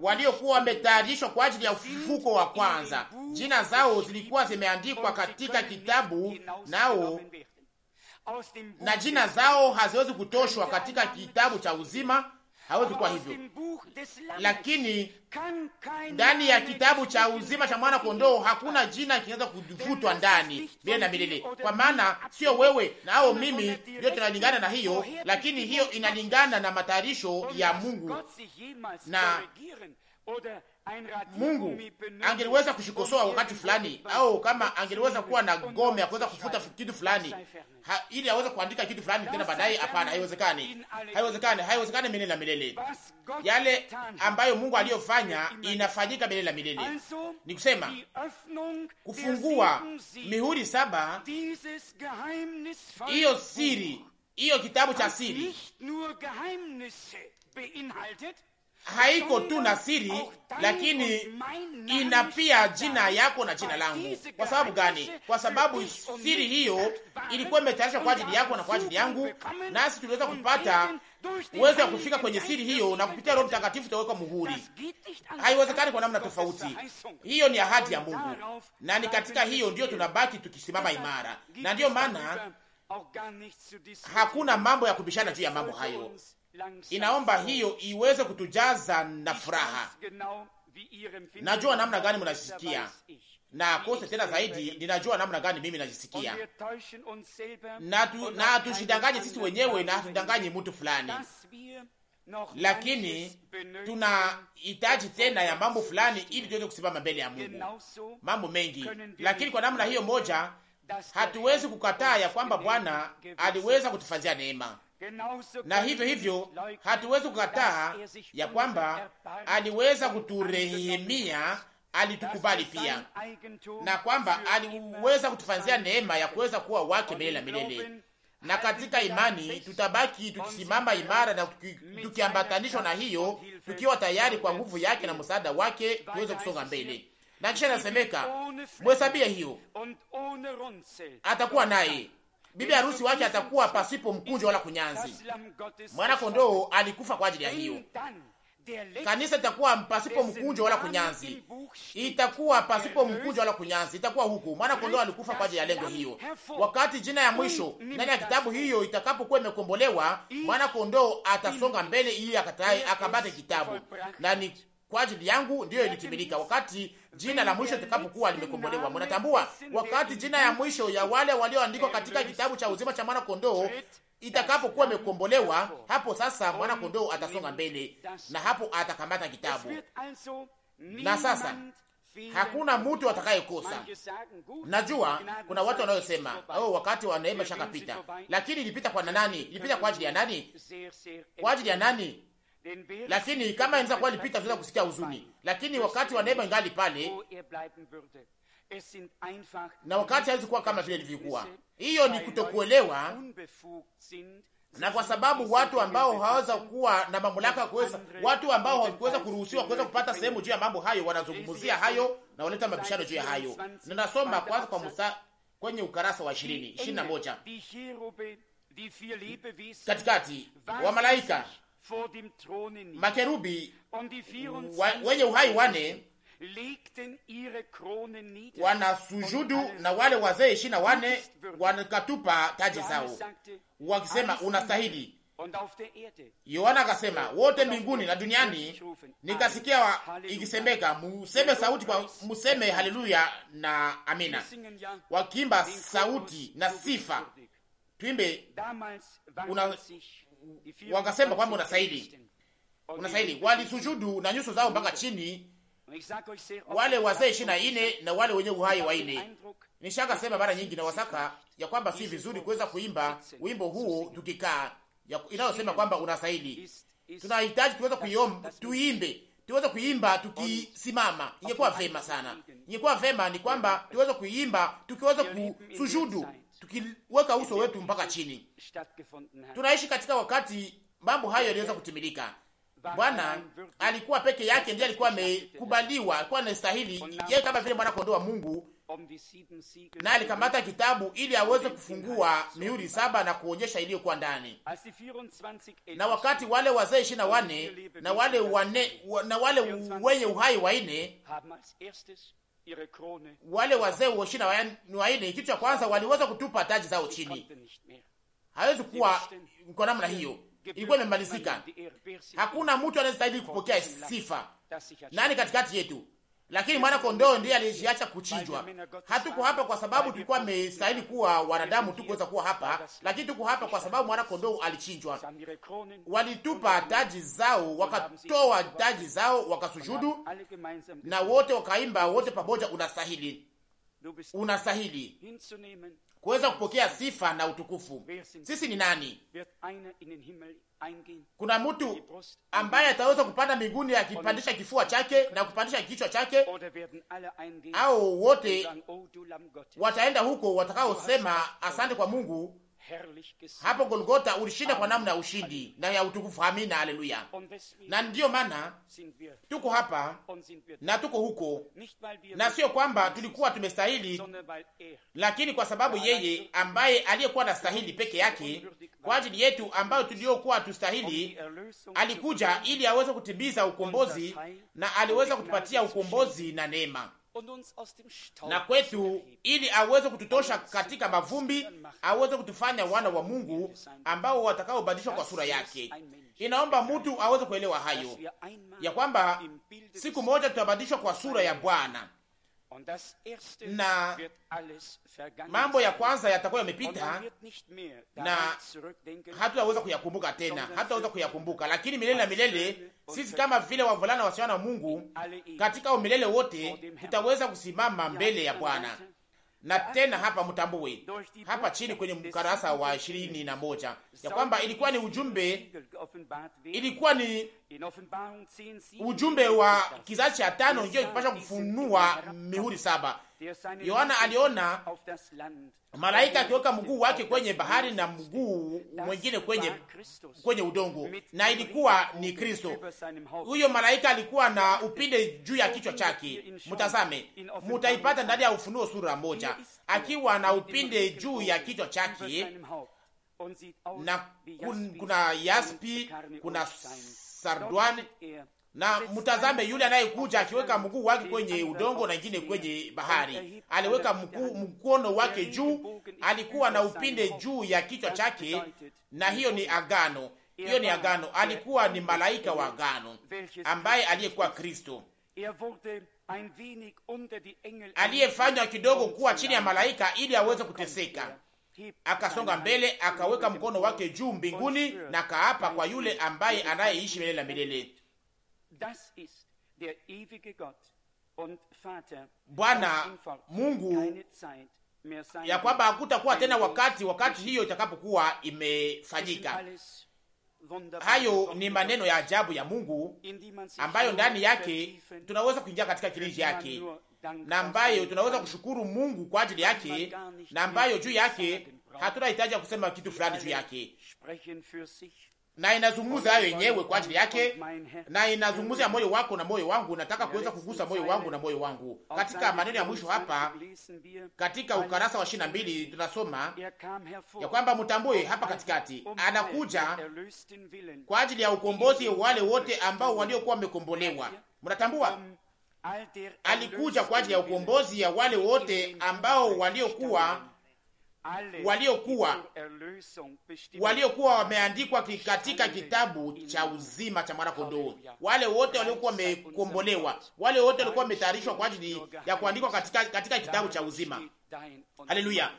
waliokuwa wametayarishwa kwa ajili ya ufufuko wa kwanza. Jina zao zilikuwa zimeandikwa katika kitabu nao na jina zao haziwezi kutoshwa katika kitabu cha uzima, hawezi kuwa hivyo, lakini ndani ya kitabu cha uzima cha mwana kondoo hakuna jina kinaweza kuvutwa ndani bila na milele, kwa maana sio wewe na au mimi ndio tunalingana na hiyo, lakini hiyo inalingana na matayarisho ya Mungu na Mungu angeliweza kushikosoa wakati fulani, au kama angeliweza kuwa na gome ya kuweza kufuta kitu fulani ili aweze kuandika kitu fulani tena baadaye. Hapana, haiwezekani, haiwezekani, haiwezekani milele na milele. Yale ambayo Mungu aliyofanya inafanyika milele na milele, ni kusema kufungua mihuri saba, hiyo siri, hiyo kitabu cha siri haiko tu na siri, lakini ina pia jina yako na jina langu. Kwa sababu gani? Kwa sababu siri hiyo ilikuwa imetayarishwa kwa ajili yako na kwa ajili yangu, nasi tuliweza kupata uwezo wa kufika kwenye siri hiyo, na kupitia Roho Mtakatifu tutaweka muhuri. Haiwezekani kwa namna tofauti. Hiyo ni ahadi ya Mungu, na ni katika hiyo ndiyo tunabaki tukisimama imara, na ndiyo maana hakuna mambo ya kubishana juu ya mambo hayo inaomba hiyo iweze kutujaza na furaha. Najua namna gani mnajisikia na kose tena zaidi, ninajua namna gani mimi najisikia, na tushidanganye sisi wenyewe na hatudanganye mtu fulani, lakini tuna hitaji tena ya mambo fulani ili tuweze kusimama mbele ya Mungu, mambo mengi. Lakini kwa namna hiyo moja hatuwezi kukataa ya kwamba Bwana aliweza kutufanyia neema na hivyo hivyo hatuwezi kukataa ya kwamba aliweza kuturehemia, alitukubali pia, na kwamba aliweza kutufanzia neema ya kuweza kuwa wake milele na milele. Na katika imani tutabaki tukisimama imara na tukiambatanishwa na hiyo, tukiwa tayari kwa nguvu yake na msaada wake, tuweze kusonga mbele. Na kisha nasemeka, mwesabia hiyo, atakuwa naye bibi harusi wake atakuwa pasipo mkunjo wala kunyanzi. Mwana kondoo alikufa kwa ajili ya hiyo. Kanisa itakuwa pasipo mkunjo wala kunyanzi, itakuwa pasipo mkunjo wala kunyanzi, itakuwa huku. Mwana kondoo alikufa kwa ajili ya lengo hiyo. Wakati jina ya mwisho ndani ya kitabu hiyo itakapokuwa imekombolewa, mwana kondoo atasonga mbele ili akatai akabate kitabu na ni kwa ajili yangu ndiyo ilitimilika, wakati jina la mwisho litakapokuwa limekombolewa. Mnatambua, wakati jina ya mwisho ya wale walioandikwa katika kitabu cha uzima cha mwana kondoo itakapokuwa imekombolewa, hapo sasa mwana kondoo atasonga mbele na hapo atakamata kitabu, na sasa hakuna mtu atakayekosa. Najua kuna watu wanayosema oh, wakati wa neema shakapita, lakini ilipita kwa nani? Ilipita kwa ajili ya nani? Kwa ajili ya nani? lakini kama inaweza kuwa lipita tunaweza kusikia huzuni, lakini wakati wa neema ingali pale na wakati hawezi kuwa kama vile ilivyokuwa. Hiyo ni kutokuelewa, na kwa sababu watu ambao hawaweza kuwa na mamlaka kuweza, watu ambao hawakuweza kuruhusiwa kuweza kupata sehemu juu ya mambo hayo, wanazungumzia hayo na waleta mabishano juu ya hayo. Na nasoma kwanza kwa Musa kwenye ukarasa wa ishirini ishirini moja katikati wa malaika makerubi wenye uhai wane wanasujudu na wale wazee ishirini na wane wanakatupa taji zao wakisema, unastahili. Yohana akasema wote mbinguni na duniani, nikasikia ikisemeka, museme sauti kwa museme haleluya na amina, wakiimba sauti na sifa, twimbe una wakasema kwamba unasaidi unasaidi. Walisujudu na nyuso zao mpaka chini, wale wazee ishirini na ine na wale wenye uhai ine. Nishaka sema mara nyingi na wasaka ya kwamba si vizuri kuweza kuimba wimbo huo tukikaa, inayosema kwamba unasaidi. Tunahitaji tuweza kuiomba, tuimbe tuweze kuimba tukisimama. Ingekuwa vema sana, ingekuwa vema ni kwamba tuweze kuimba tukiweze kusujudu tukiweka uso wetu mpaka chini. Tunaishi katika wakati mambo hayo yaliweza kutimilika. Bwana alikuwa peke yake ndiye alikuwa amekubaliwa, alikuwa anastahili yeye, kama vile mwana kondoo wa Mungu, na alikamata kitabu ili aweze kufungua mihuri saba na kuonyesha iliyokuwa ndani. Na wakati wale wazee ishirini na wane na wale wane na wale wenye uhai wanne wale wazee ishirini na wanne kitu cha kwanza waliweza kutupa taji zao chini. Hawezi kuwa kwa namna hiyo, ilikuwa imemalizika. Hakuna mtu anayestahili kupokea sifa. Nani katikati yetu lakini mwana kondoo ndiye aliyejiacha kuchinjwa. Hatuko hapa kwa sababu tulikuwa mestahili kuwa wanadamu tu kuweza kuwa hapa, lakini tuko hapa kwa sababu mwana kondoo alichinjwa. Walitupa taji zao, wakatoa taji zao, wakasujudu na wote wakaimba wote pamoja, unastahili, unastahili kuweza kupokea sifa na utukufu. Sisi ni nani? Kuna mtu ambaye ataweza kupanda mbinguni akipandisha kifua chake na kupandisha kichwa chake, au wote oh, wataenda huko watakaosema asante kwa Mungu hapo Golgota ulishinda kwa namna ya ushindi na ya utukufu. Amina, haleluya. Na ndiyo maana tuko hapa na tuko huko, na sio kwamba tulikuwa tumestahili, er lakini kwa sababu yeye ambaye aliyekuwa na stahili peke yake kwa ajili yetu ambayo tuliokuwa tustahili, um alikuja ili aweze kutimiza ukombozi, na aliweza kutupatia ukombozi na neema na kwetu, ili aweze kututosha katika mavumbi, aweze kutufanya wana wa Mungu ambao watakaobadilishwa kwa sura yake. Inaomba mtu aweze kuelewa hayo ya kwamba siku moja tutabadilishwa kwa sura ya Bwana na mambo ya kwanza yatakuwa yamepita, na hatutaweza kuyakumbuka tena, hatutaweza kuyakumbuka. Lakini milele na milele, sisi kama vile wavulana wasichana wa Mungu katika umilele wote, tutaweza kusimama mbele ya Bwana na tena hapa mtambue hapa chini kwenye mkarasa wa ishirini na moja ya kwamba ilikuwa ni ujumbe, ilikuwa ni ujumbe wa kizazi cha tano, ndio ilipasha kufunua mihuri saba. Yohana aliona malaika akiweka mguu wake kwenye bahari na mguu mwingine kwenye, kwenye udongo, na ilikuwa ni Kristo. Huyo malaika alikuwa na upinde juu ya kichwa chake. Mtazame, mutaipata ndani ya Ufunuo sura moja, akiwa na upinde juu ya kichwa chake na kun, kuna yaspi, kuna sardwani na mtazame yule anayekuja akiweka mguu wake kwenye udongo na ingine kwenye bahari. Aliweka mkono wake juu, alikuwa na upinde juu ya kichwa chake, na hiyo ni agano, hiyo ni agano. Alikuwa ni malaika wa agano ambaye aliyekuwa Kristo er aliyefanywa kidogo kuwa chini ya malaika ili aweze kuteseka. Akasonga mbele, akaweka mkono wake juu mbinguni na kaapa kwa yule ambaye anayeishi milele na milele Bwana Mungu ya kwamba hakutakuwa tena wakati wakati hiyo itakapokuwa imefanyika. Hayo ni maneno ya ajabu ya Mungu ambayo ndani yake tunaweza kuingia katika kilinji yake na ambayo tunaweza kushukuru Mungu kwa ajili yake na ambayo juu yake hatuna hitaji ya kusema kitu fulani juu yake na inazungumza hayo yenyewe kwa ajili yake, na inazungumza moyo wako na moyo wangu. Nataka kuweza kugusa moyo wangu na moyo wangu. Katika maneno ya mwisho hapa katika ukarasa wa ishirini na mbili tunasoma ya kwamba mtambue, hapa katikati anakuja kwa ajili ya ukombozi wale wote ambao waliokuwa wamekombolewa. Mnatambua, alikuja kwa ajili ya ukombozi ya wale wote ambao waliokuwa waliokuwa waliokuwa wameandikwa katika kitabu cha uzima cha mwana kondoo, wale wote waliokuwa wamekombolewa, wale wote walikuwa wametayarishwa kwa ajili ya kuandikwa katika, katika kitabu cha uzima. Haleluya!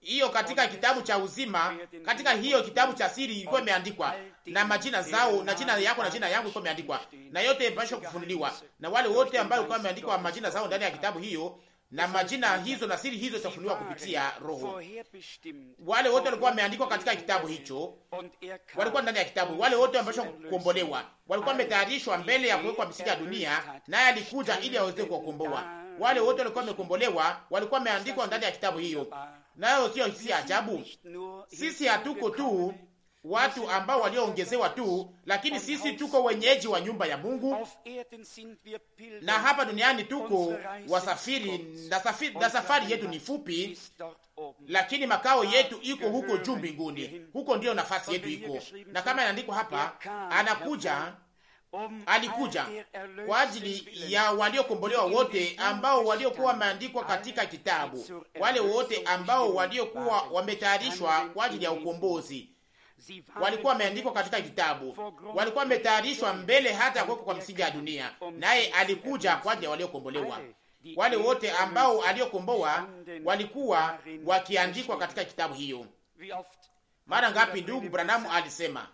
hiyo katika kitabu cha uzima, katika hiyo kitabu cha siri ilikuwa imeandikwa na majina zao na jina yako na jina yangu ilikuwa imeandikwa, na yote imepashwa kufunuliwa, na wale wote ambao walikuwa wameandikwa majina zao ndani ya kitabu hiyo na majina hizo na siri hizo zitafunuliwa kupitia Roho. Wale wote walikuwa wameandikwa katika kitabu hicho, er walikuwa ndani ya kitabu. Wale wote wamepashwa kukombolewa, walikuwa wametayarishwa mbele ya kuwekwa misingi ya dunia, naye alikuja ili aweze kuwakomboa. Wale wote walikuwa wamekombolewa, walikuwa wameandikwa ndani ya kitabu hiyo, nayo sio si ajabu. Sisi hatuko tu watu ambao walioongezewa tu, lakini sisi tuko wenyeji wa nyumba ya Mungu, na hapa duniani tuko wasafiri na, safiri, na safari yetu ni fupi, lakini makao yetu iko huko juu mbinguni. Huko ndiyo nafasi yetu iko, na kama inaandikwa hapa, anakuja um, alikuja kwa ajili ya waliokombolewa wote ambao waliokuwa wameandikwa katika kitabu, wale wote ambao waliokuwa wametayarishwa kwa ajili ya ukombozi walikuwa wameandikwa katika kitabu walikuwa wametayarishwa mbele hata ya kuwekwa kwa msingi ya dunia, naye alikuja kwa ajili ya waliokombolewa. Wale wote ambao aliokomboa walikuwa wakiandikwa katika kitabu hiyo. Mara ngapi ndugu Branamu alisema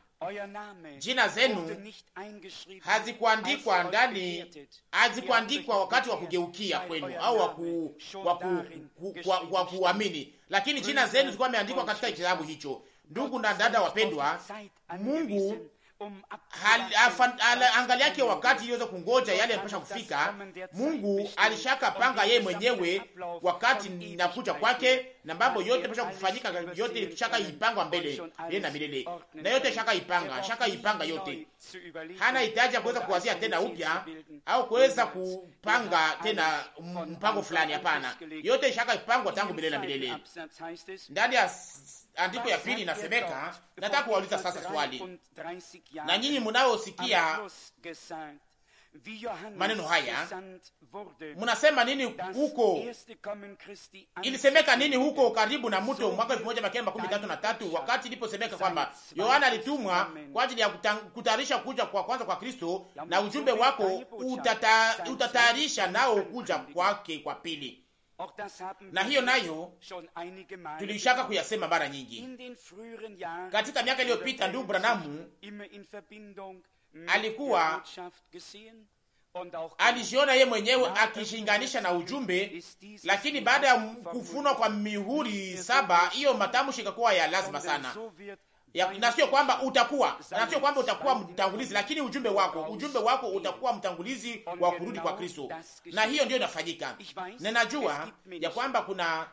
jina zenu hazikuandikwa ndani, hazikuandikwa wakati wa kugeukia kwenu au wa kuamini, lakini jina zenu zilikuwa ameandikwa katika kitabu hicho Ndugu na dada wapendwa, Mungu angalia yake wakati iliweza kungoja yale yapasha kufika. Mungu alishaka panga yeye mwenyewe wakati nakuja kwake, na mambo yote yanapasha kufanyika, yote shaka ipangwa mbele yeye na milele, na yote shaka ipanga, shaka ipanga yote. Hana hitaji ya kuweza kuwazia tena upya au kuweza kupanga tena mpango fulani. Hapana, yote shaka ipangwa tangu milele na milele ndani ya andiko ya pili inasemeka. Nataka kuwauliza sasa swali, na nyinyi mnaosikia maneno haya munasema nini huko? Ilisemeka nini huko karibu na mto mwaka elfu moja makenda makumi tatu na tatu wakati iliposemeka kwamba Yohana alitumwa kwa ajili ya kutayarisha kuja kwa kwanza kwa Kristo, na ujumbe wako utatayarisha nao kuja kwake kwa pili na hiyo nayo tulishaka kuyasema mara nyingi katika miaka iliyopita. Ndugu Branamu alikuwa alijiona ye mwenyewe akishinganisha na ujumbe, lakini baada ya kufunwa kwa mihuri saba, hiyo matamshi ikakuwa ya lazima sana, ya, na sio kwamba utakuwa na sio kwamba utakuwa mtangulizi, lakini ujumbe wako ujumbe wako utakuwa mtangulizi wa kurudi kwa Kristo, na hiyo ndio inafanyika. Ninajua ya kwamba kuna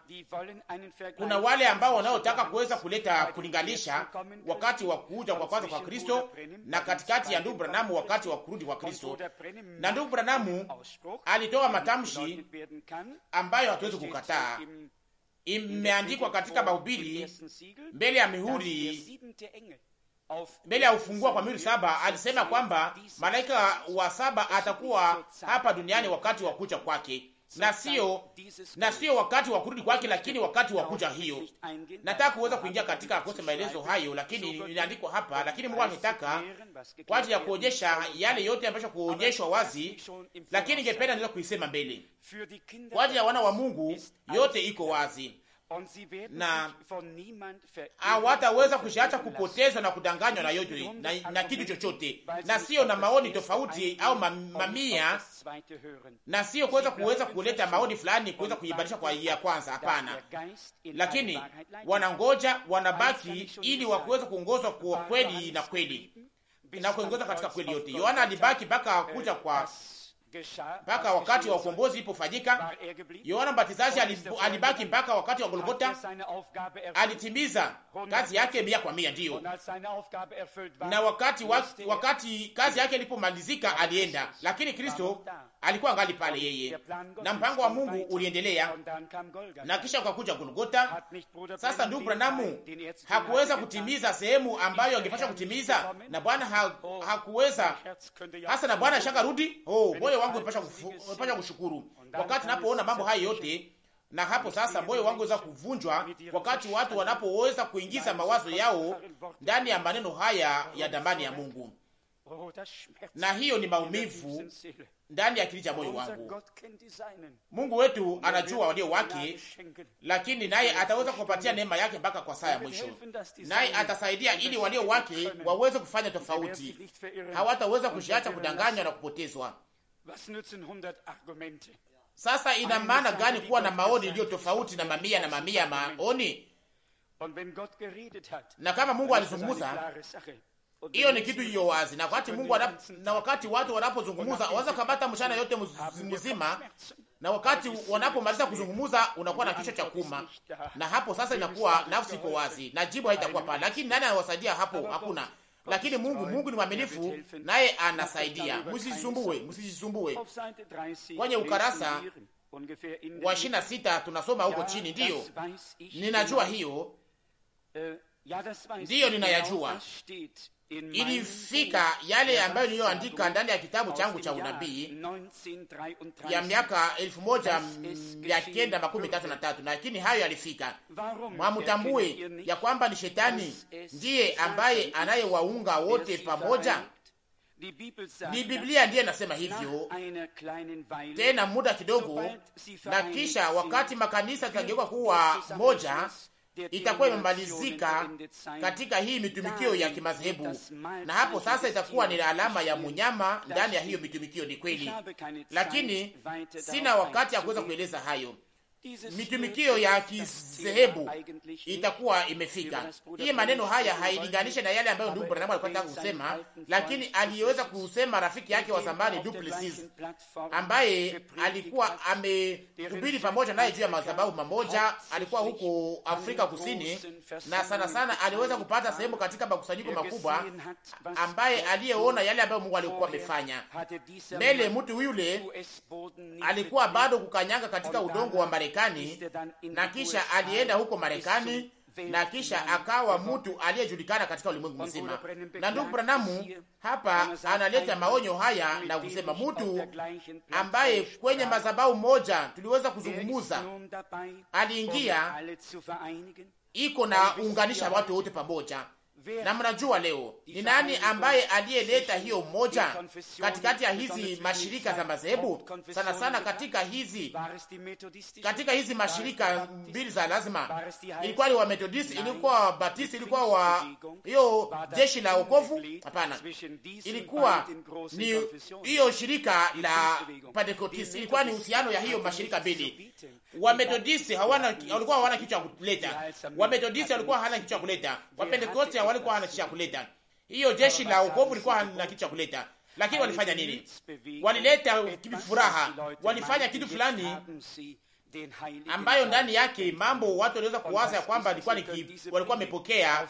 kuna wale ambao wanaotaka kuweza kuleta kulinganisha wakati wa kuja kwa kwanza kwa Kristo na katikati ya ndugu Branamu wakati wa kurudi kwa Kristo, na ndugu Branamu alitoa matamshi ambayo hatuwezi kukataa imeandikwa katika Mahubiri, mbele ya mihuri, mbele ya ufungua kwa mihuri saba, alisema kwamba malaika wa saba atakuwa hapa duniani wakati wa kucha kwake na sio na sio wakati wa kurudi kwake, lakini wakati wa kuja hiyo. Nataka kuweza kuingia katika kose maelezo hayo, lakini inaandikwa hapa, lakini Mungu angetaka kwa ajili ya kuonyesha yale yote ambayo kuonyeshwa wazi, lakini ningependa niweza kuisema mbele kwa ajili ya wana wa Mungu, yote iko wazi na hawataweza ah, kushaacha kupotezwa na kudanganywa na yote na, na kitu chochote, na sio na maoni tofauti au mamia, na sio kuweza kuweza kuleta maoni fulani kuweza kuibadilisha kwa ya kwanza. Hapana, lakini wanangoja wanabaki, ili wakuweza kuongozwa kwa kweli na kweli na kuongozwa katika kweli yote. Yohana alibaki mpaka kuja äh, kwa mpaka wakati wa ukombozi ilipofanyika. Yohana Mbatizaji alibaki mpaka wakati wa Golgota, alitimiza kazi yake mia kwa mia, ndiyo. Na wakati, wakati kazi yake ilipomalizika alienda, lakini Kristo alikuwa ngali pale yeye, na mpango wa Mungu uliendelea na kisha ukakuja Golgota. Sasa ndugu Branamu hakuweza kutimiza sehemu ambayo angepasha kutimiza, na Bwana ha, oh, hakuweza hasa, na Bwana shaka rudi. Oh, moyo wangu umepasha kushukuru wakati napoona mambo haya yote na hapo sasa moyo wangu weza kuvunjwa wakati watu wanapoweza kuingiza mawazo yao ndani ya maneno haya ya damani ya Mungu. Oh, na hiyo ni maumivu ndani ya kili cha moyo wangu. Mungu wetu anajua walio wake, lakini naye ataweza kupatia neema yake mpaka kwa saa ya mwisho, naye atasaidia ili walio wake waweze kufanya tofauti, hawataweza kujiacha kudanganywa na kupotezwa. Sasa ina maana gani kuwa na maoni iliyo tofauti na mamia na mamia maoni? Na kama Mungu alizungumza hiyo ni kitu hiyo wazi, na wakati Mungu wadap, na wakati watu wanapozungumza waweza kabata mchana yote mzima, na wakati wanapomaliza kuzungumza unakuwa na kichwa cha kuma, na hapo sasa inakuwa nafsi iko wazi na jibu haitakuwa pale, lakini nani anawasaidia hapo? Hakuna. Lakini Mungu, Mungu ni mwaminifu, naye anasaidia. Msijisumbue, msijisumbue. Kwenye ukarasa wa ishirini na sita tunasoma huko chini, ndiyo ninajua hiyo, eh, ndiyo ninayajua ilifika yale ambayo niliyoandika ndani ya kitabu changu cha unabii ya miaka elfu moja mia kenda makumi tatu na tatu, lakini hayo yalifika. Mwamutambue ya kwamba ni shetani ndiye ambaye anayewaunga wote pamoja. Ni Biblia ndiye nasema hivyo. Tena muda kidogo, na kisha wakati makanisa tageuka kuwa moja itakuwa imemalizika katika hii mitumikio ya kimadhehebu, na hapo sasa itakuwa ni alama ya munyama ndani ya hiyo mitumikio. Ni kweli, lakini sina wakati ya kuweza kueleza hayo mitumikio ya kizehebu itakuwa imefika. Hii maneno haya hailinganishe na yale ambayo ndugu Branham alikuwa anataka kusema, lakini aliweza kusema rafiki yake wa zamani Du ambaye alikuwa amehubiri pamoja naye juu ya madhabahu mamoja. Alikuwa huko Afrika Kusini na sana sana aliweza kupata sehemu katika makusanyiko makubwa, ambaye aliyeona yale ambayo Mungu alikuwa amefanya mbele. Mtu yule alikuwa bado kukanyanga katika udongo wa mbare Marekani, na kisha alienda huko Marekani, na kisha akawa mtu aliyejulikana katika ulimwengu mzima. Na ndugu Branamu hapa analeta maonyo haya na kusema, mtu ambaye kwenye madhabahu moja tuliweza kuzungumuza, aliingia iko na unganisha watu wote pamoja na mnajua leo ni nani ambaye aliyeleta hiyo moja katikati ya hizi mashirika za madhehebu, sana sana katika hizi katika hizi mashirika mbili za lazima, ilikuwa ni wa ilikuwa wa ilikuwa wa hiyo jeshi la wokovu? Hapana, ilikuwa ni hiyo shirika la Pentecost. Ilikuwa ni uhusiano ya hiyo mashirika mbili. Wa hawana walikuwa hawana kitu cha kuleta, wa walikuwa hawana kitu cha kuleta, wa hawana alikuwa hana kitu cha kuleta. Hiyo jeshi la ukovu lilikuwa hana kitu cha kuleta, lakini walifanya nini? Walileta furaha, walifanya kitu fulani ambayo ndani yake mambo watu waliweza kuwaza ya kwamba walikuwa walikuwa wamepokea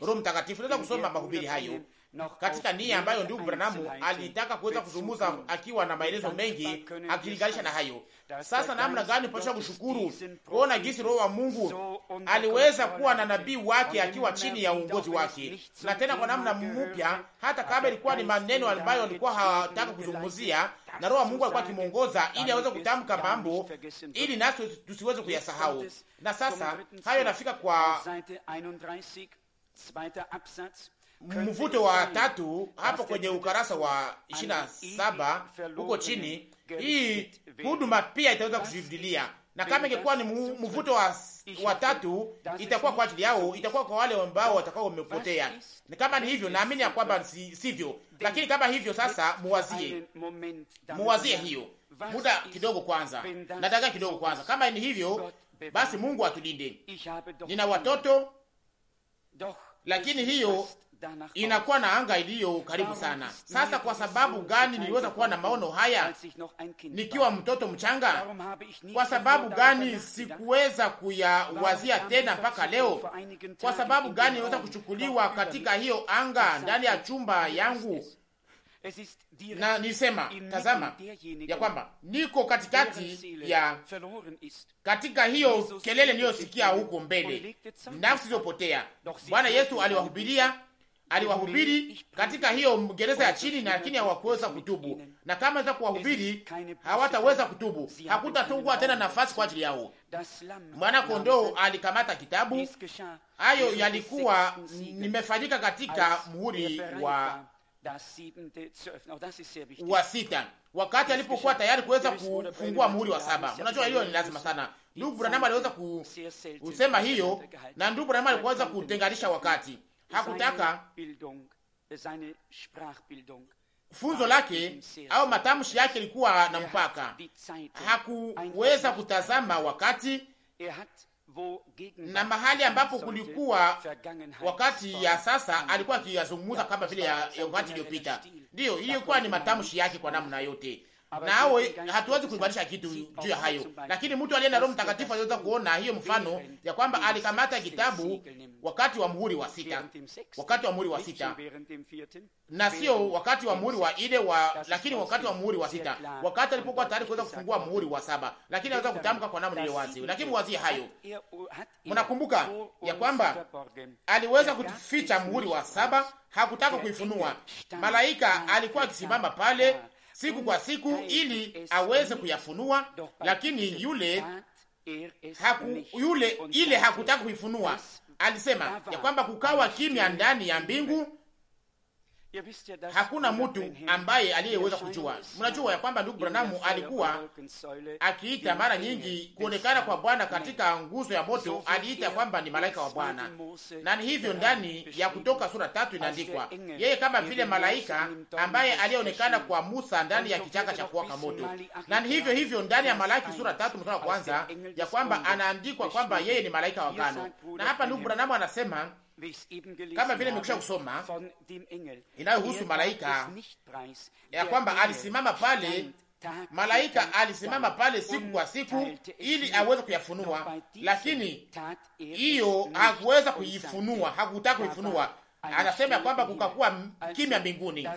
Roho Mtakatifu. Naweza kusoma mahubiri hayo katika nia ambayo ndugu Branamu alitaka kuweza kuzungumza akiwa na maelezo mengi akilinganisha na hayo, sasa namna gani pasha kushukuru kuona gisi Roho wa Mungu aliweza kuwa na nabii wake akiwa chini ya uongozi wake, na tena kwa namna mupya hata kabla ilikuwa ni maneno ambayo alikuwa hataka kuzungumzia, na Roho wa Mungu alikuwa akimwongoza ili aweze kutamka mambo, ili nasi tusiweze kuyasahau. Na sasa hayo nafika kwa mvuto wa tatu hapo kwenye ukarasa wa ishirini na saba huko chini, hii huduma pia itaweza kujirudilia, na kama ingekuwa ni mvuto wa, wa tatu itakuwa kwa ajili yao, itakuwa kwa wale ambao watakuwa wamepotea. Na kama ni hivyo, naamini ya kwamba si, sivyo, lakini kama hivyo sasa, muwazie muwazie hiyo muda kidogo kwanza, na dakika kidogo kwanza. Kama ni hivyo basi, Mungu atulinde. Nina watoto lakini hiyo inakuwa na anga iliyo karibu sana. Sasa kwa sababu gani niliweza kuwa na maono haya nikiwa mtoto mchanga? Kwa sababu gani sikuweza kuyawazia tena mpaka leo? Kwa sababu gani niliweza kuchukuliwa katika hiyo anga ndani ya chumba yangu na nisema tazama, ya kwamba niko katikati ya katika hiyo kelele niliyosikia huko mbele, nafsi iliyopotea. Bwana Yesu aliwahubiria aliwahubiri katika hiyo gereza ya chini, lakini hawakuweza kutubu, na kama weza kuwahubiri hawataweza kutubu, hakutatungwa tena nafasi kwa ajili yao. Mwana kondoo alikamata kitabu, hayo yalikuwa nimefanyika katika muhuri wa wa sita wakati alipokuwa tayari kuweza kufungua muhuri wa saba. Mnajua hiyo ni lazima sana. Ndugu Branham aliweza kusema hiyo, na ndugu Branham alikuweza kutenganisha wakati hakutaka funzo lake au matamshi yake ilikuwa na er mpaka, hakuweza kutazama wakati er na mahali ambapo kulikuwa wakati ya sasa, alikuwa akiyazungumza kama vile ya wakati iliyopita. Ndiyo, hiyo ilikuwa ni matamshi yake kwa namna yote, nawe hatuwezi kuibarisha kitu juu ya hayo, lakini mtu aliye na Roho Mtakatifu anaweza kuona hiyo mfano ya kwamba alikamata kitabu wakati wa muhuri wa sita, wakati wa muhuri wa sita, na sio wakati wa muhuri wa ile wa, lakini wakati wa muhuri wa sita, wakati alipokuwa tayari kuweza kufungua muhuri wa saba, lakini anaweza kutamka kwa namna ile wazi. Lakini wazi hayo, mnakumbuka ya kwamba aliweza kuficha muhuri wa saba, hakutaka kuifunua. Malaika alikuwa akisimama pale siku kwa siku, ili aweze kuyafunua, lakini yule haku, yule ile hakutaka kuifunua. Alisema ya kwamba kukawa kimya ndani ya mbingu hakuna mtu ambaye aliyeweza kujua. Mnajua ya kwamba ndugu Branamu alikuwa akiita mara nyingi kuonekana kwa Bwana katika nguzo ya moto, aliita kwamba ni malaika wa Bwana, na ni hivyo ndani ya Kutoka sura tatu inaandikwa yeye kama vile malaika ambaye aliyeonekana kwa Musa ndani ya kichaka cha kuwaka moto, na ni hivyo hivyo ndani ya Malaki sura tatu mstari wa kwanza ya kwamba anaandikwa kwamba yeye ni malaika wa gano Na hapa ndugu Branamu anasema kama vile nimekwisha kusoma inayohusu malaika ya kwamba alisimama pale malaika alisimama pale siku kwa siku er ili aweze kuyafunua, lakini er hiyo hakuweza kuifunua, hakutaka kuifunua. Anasema ya kwamba kukakuwa kimya mbinguni,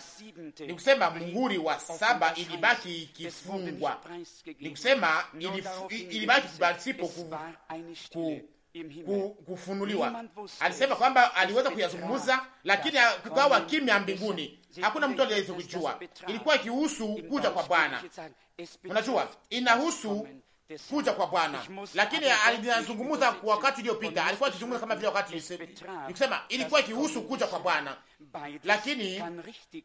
ni kusema mhuri wa saba ilibaki ikifungwa, ni kusema ilibaki pasipo ku kufunuliwa. Alisema kwamba aliweza kuyazungumza, lakini kukawa kimya mbinguni, hakuna mtu aliyeweza kujua. Ilikuwa ikihusu kuja kwa Bwana, unajua inahusu kuja kwa Bwana, lakini alizungumza wakati uliopita. Alikuwa akizungumza kama vile wakati nikusema, ilikuwa ikihusu kuja kwa Bwana lakini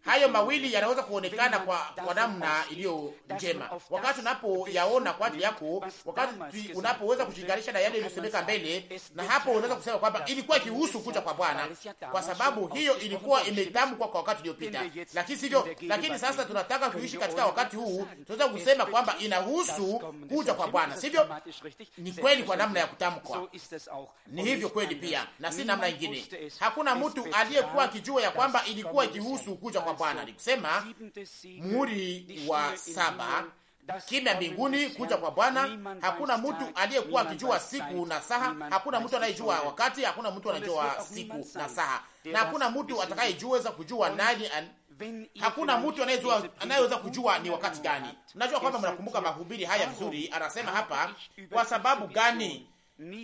hayo mawili yanaweza kuonekana kwa, kwa namna iliyo njema wakati unapoyaona kwa ajili yako, wakati unapoweza kushinganisha na yale iliyosemeka mbele, na hapo unaweza kusema kwamba ilikuwa ikihusu kuja kwa Bwana, kwa sababu hiyo ilikuwa imetamkwa kwa wakati uliopita, lakini sivyo. Lakini sasa tunataka kuishi katika wakati huu, tunaweza kusema kwamba inahusu kuja kwa Bwana, sivyo? Ni kweli kwa namna ya kutamkwa, ni hivyo kweli pia, na si namna ingine. Hakuna mtu aliyekuwa akijua ya kwamba ilikuwa ikihusu kuja kwa Bwana. Alikusema muhuri wa saba, kimya mbinguni, kuja kwa Bwana. Hakuna mtu aliyekuwa akijua siku na saha, hakuna mtu anayejua wakati, hakuna mtu anajua siku na saha, na hakuna mtu atakayejuweza kujua nani an... Hakuna mtu anayeweza kujua ni wakati gani. Najua kwamba mnakumbuka mahubiri haya vizuri. Anasema hapa, kwa sababu gani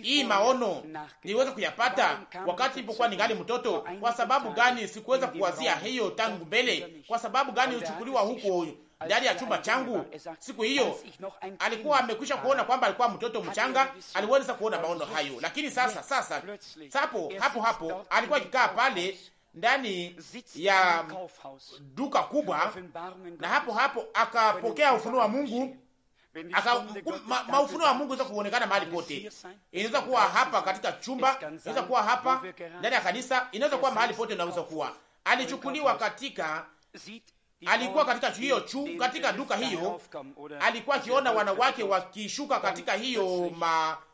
hii maono niweze kuyapata wakati ipokuwa ningali mtoto? Kwa sababu gani sikuweza kuwazia hiyo tangu mbele? Kwa sababu gani uchukuliwa huko ndani ya chumba changu siku hiyo? Alikuwa amekwisha kuona kwamba alikuwa mtoto mchanga, aliweza kuona maono hayo, lakini sasa sasa sapo hapo hapo alikuwa akikaa pale ndani ya duka kubwa, na hapo hapo akapokea ufunuo wa Mungu maufuno wa Mungu inaweza kuonekana mahali pote. Inaweza kuwa hapa katika chumba, inaweza kuwa hapa ndani ya kanisa, inaweza kuwa mahali pote. Inaweza kuwa alichukuliwa katika alikuwa katika hiyo chu, katika duka hiyo alikuwa akiona wanawake wakishuka katika hiyo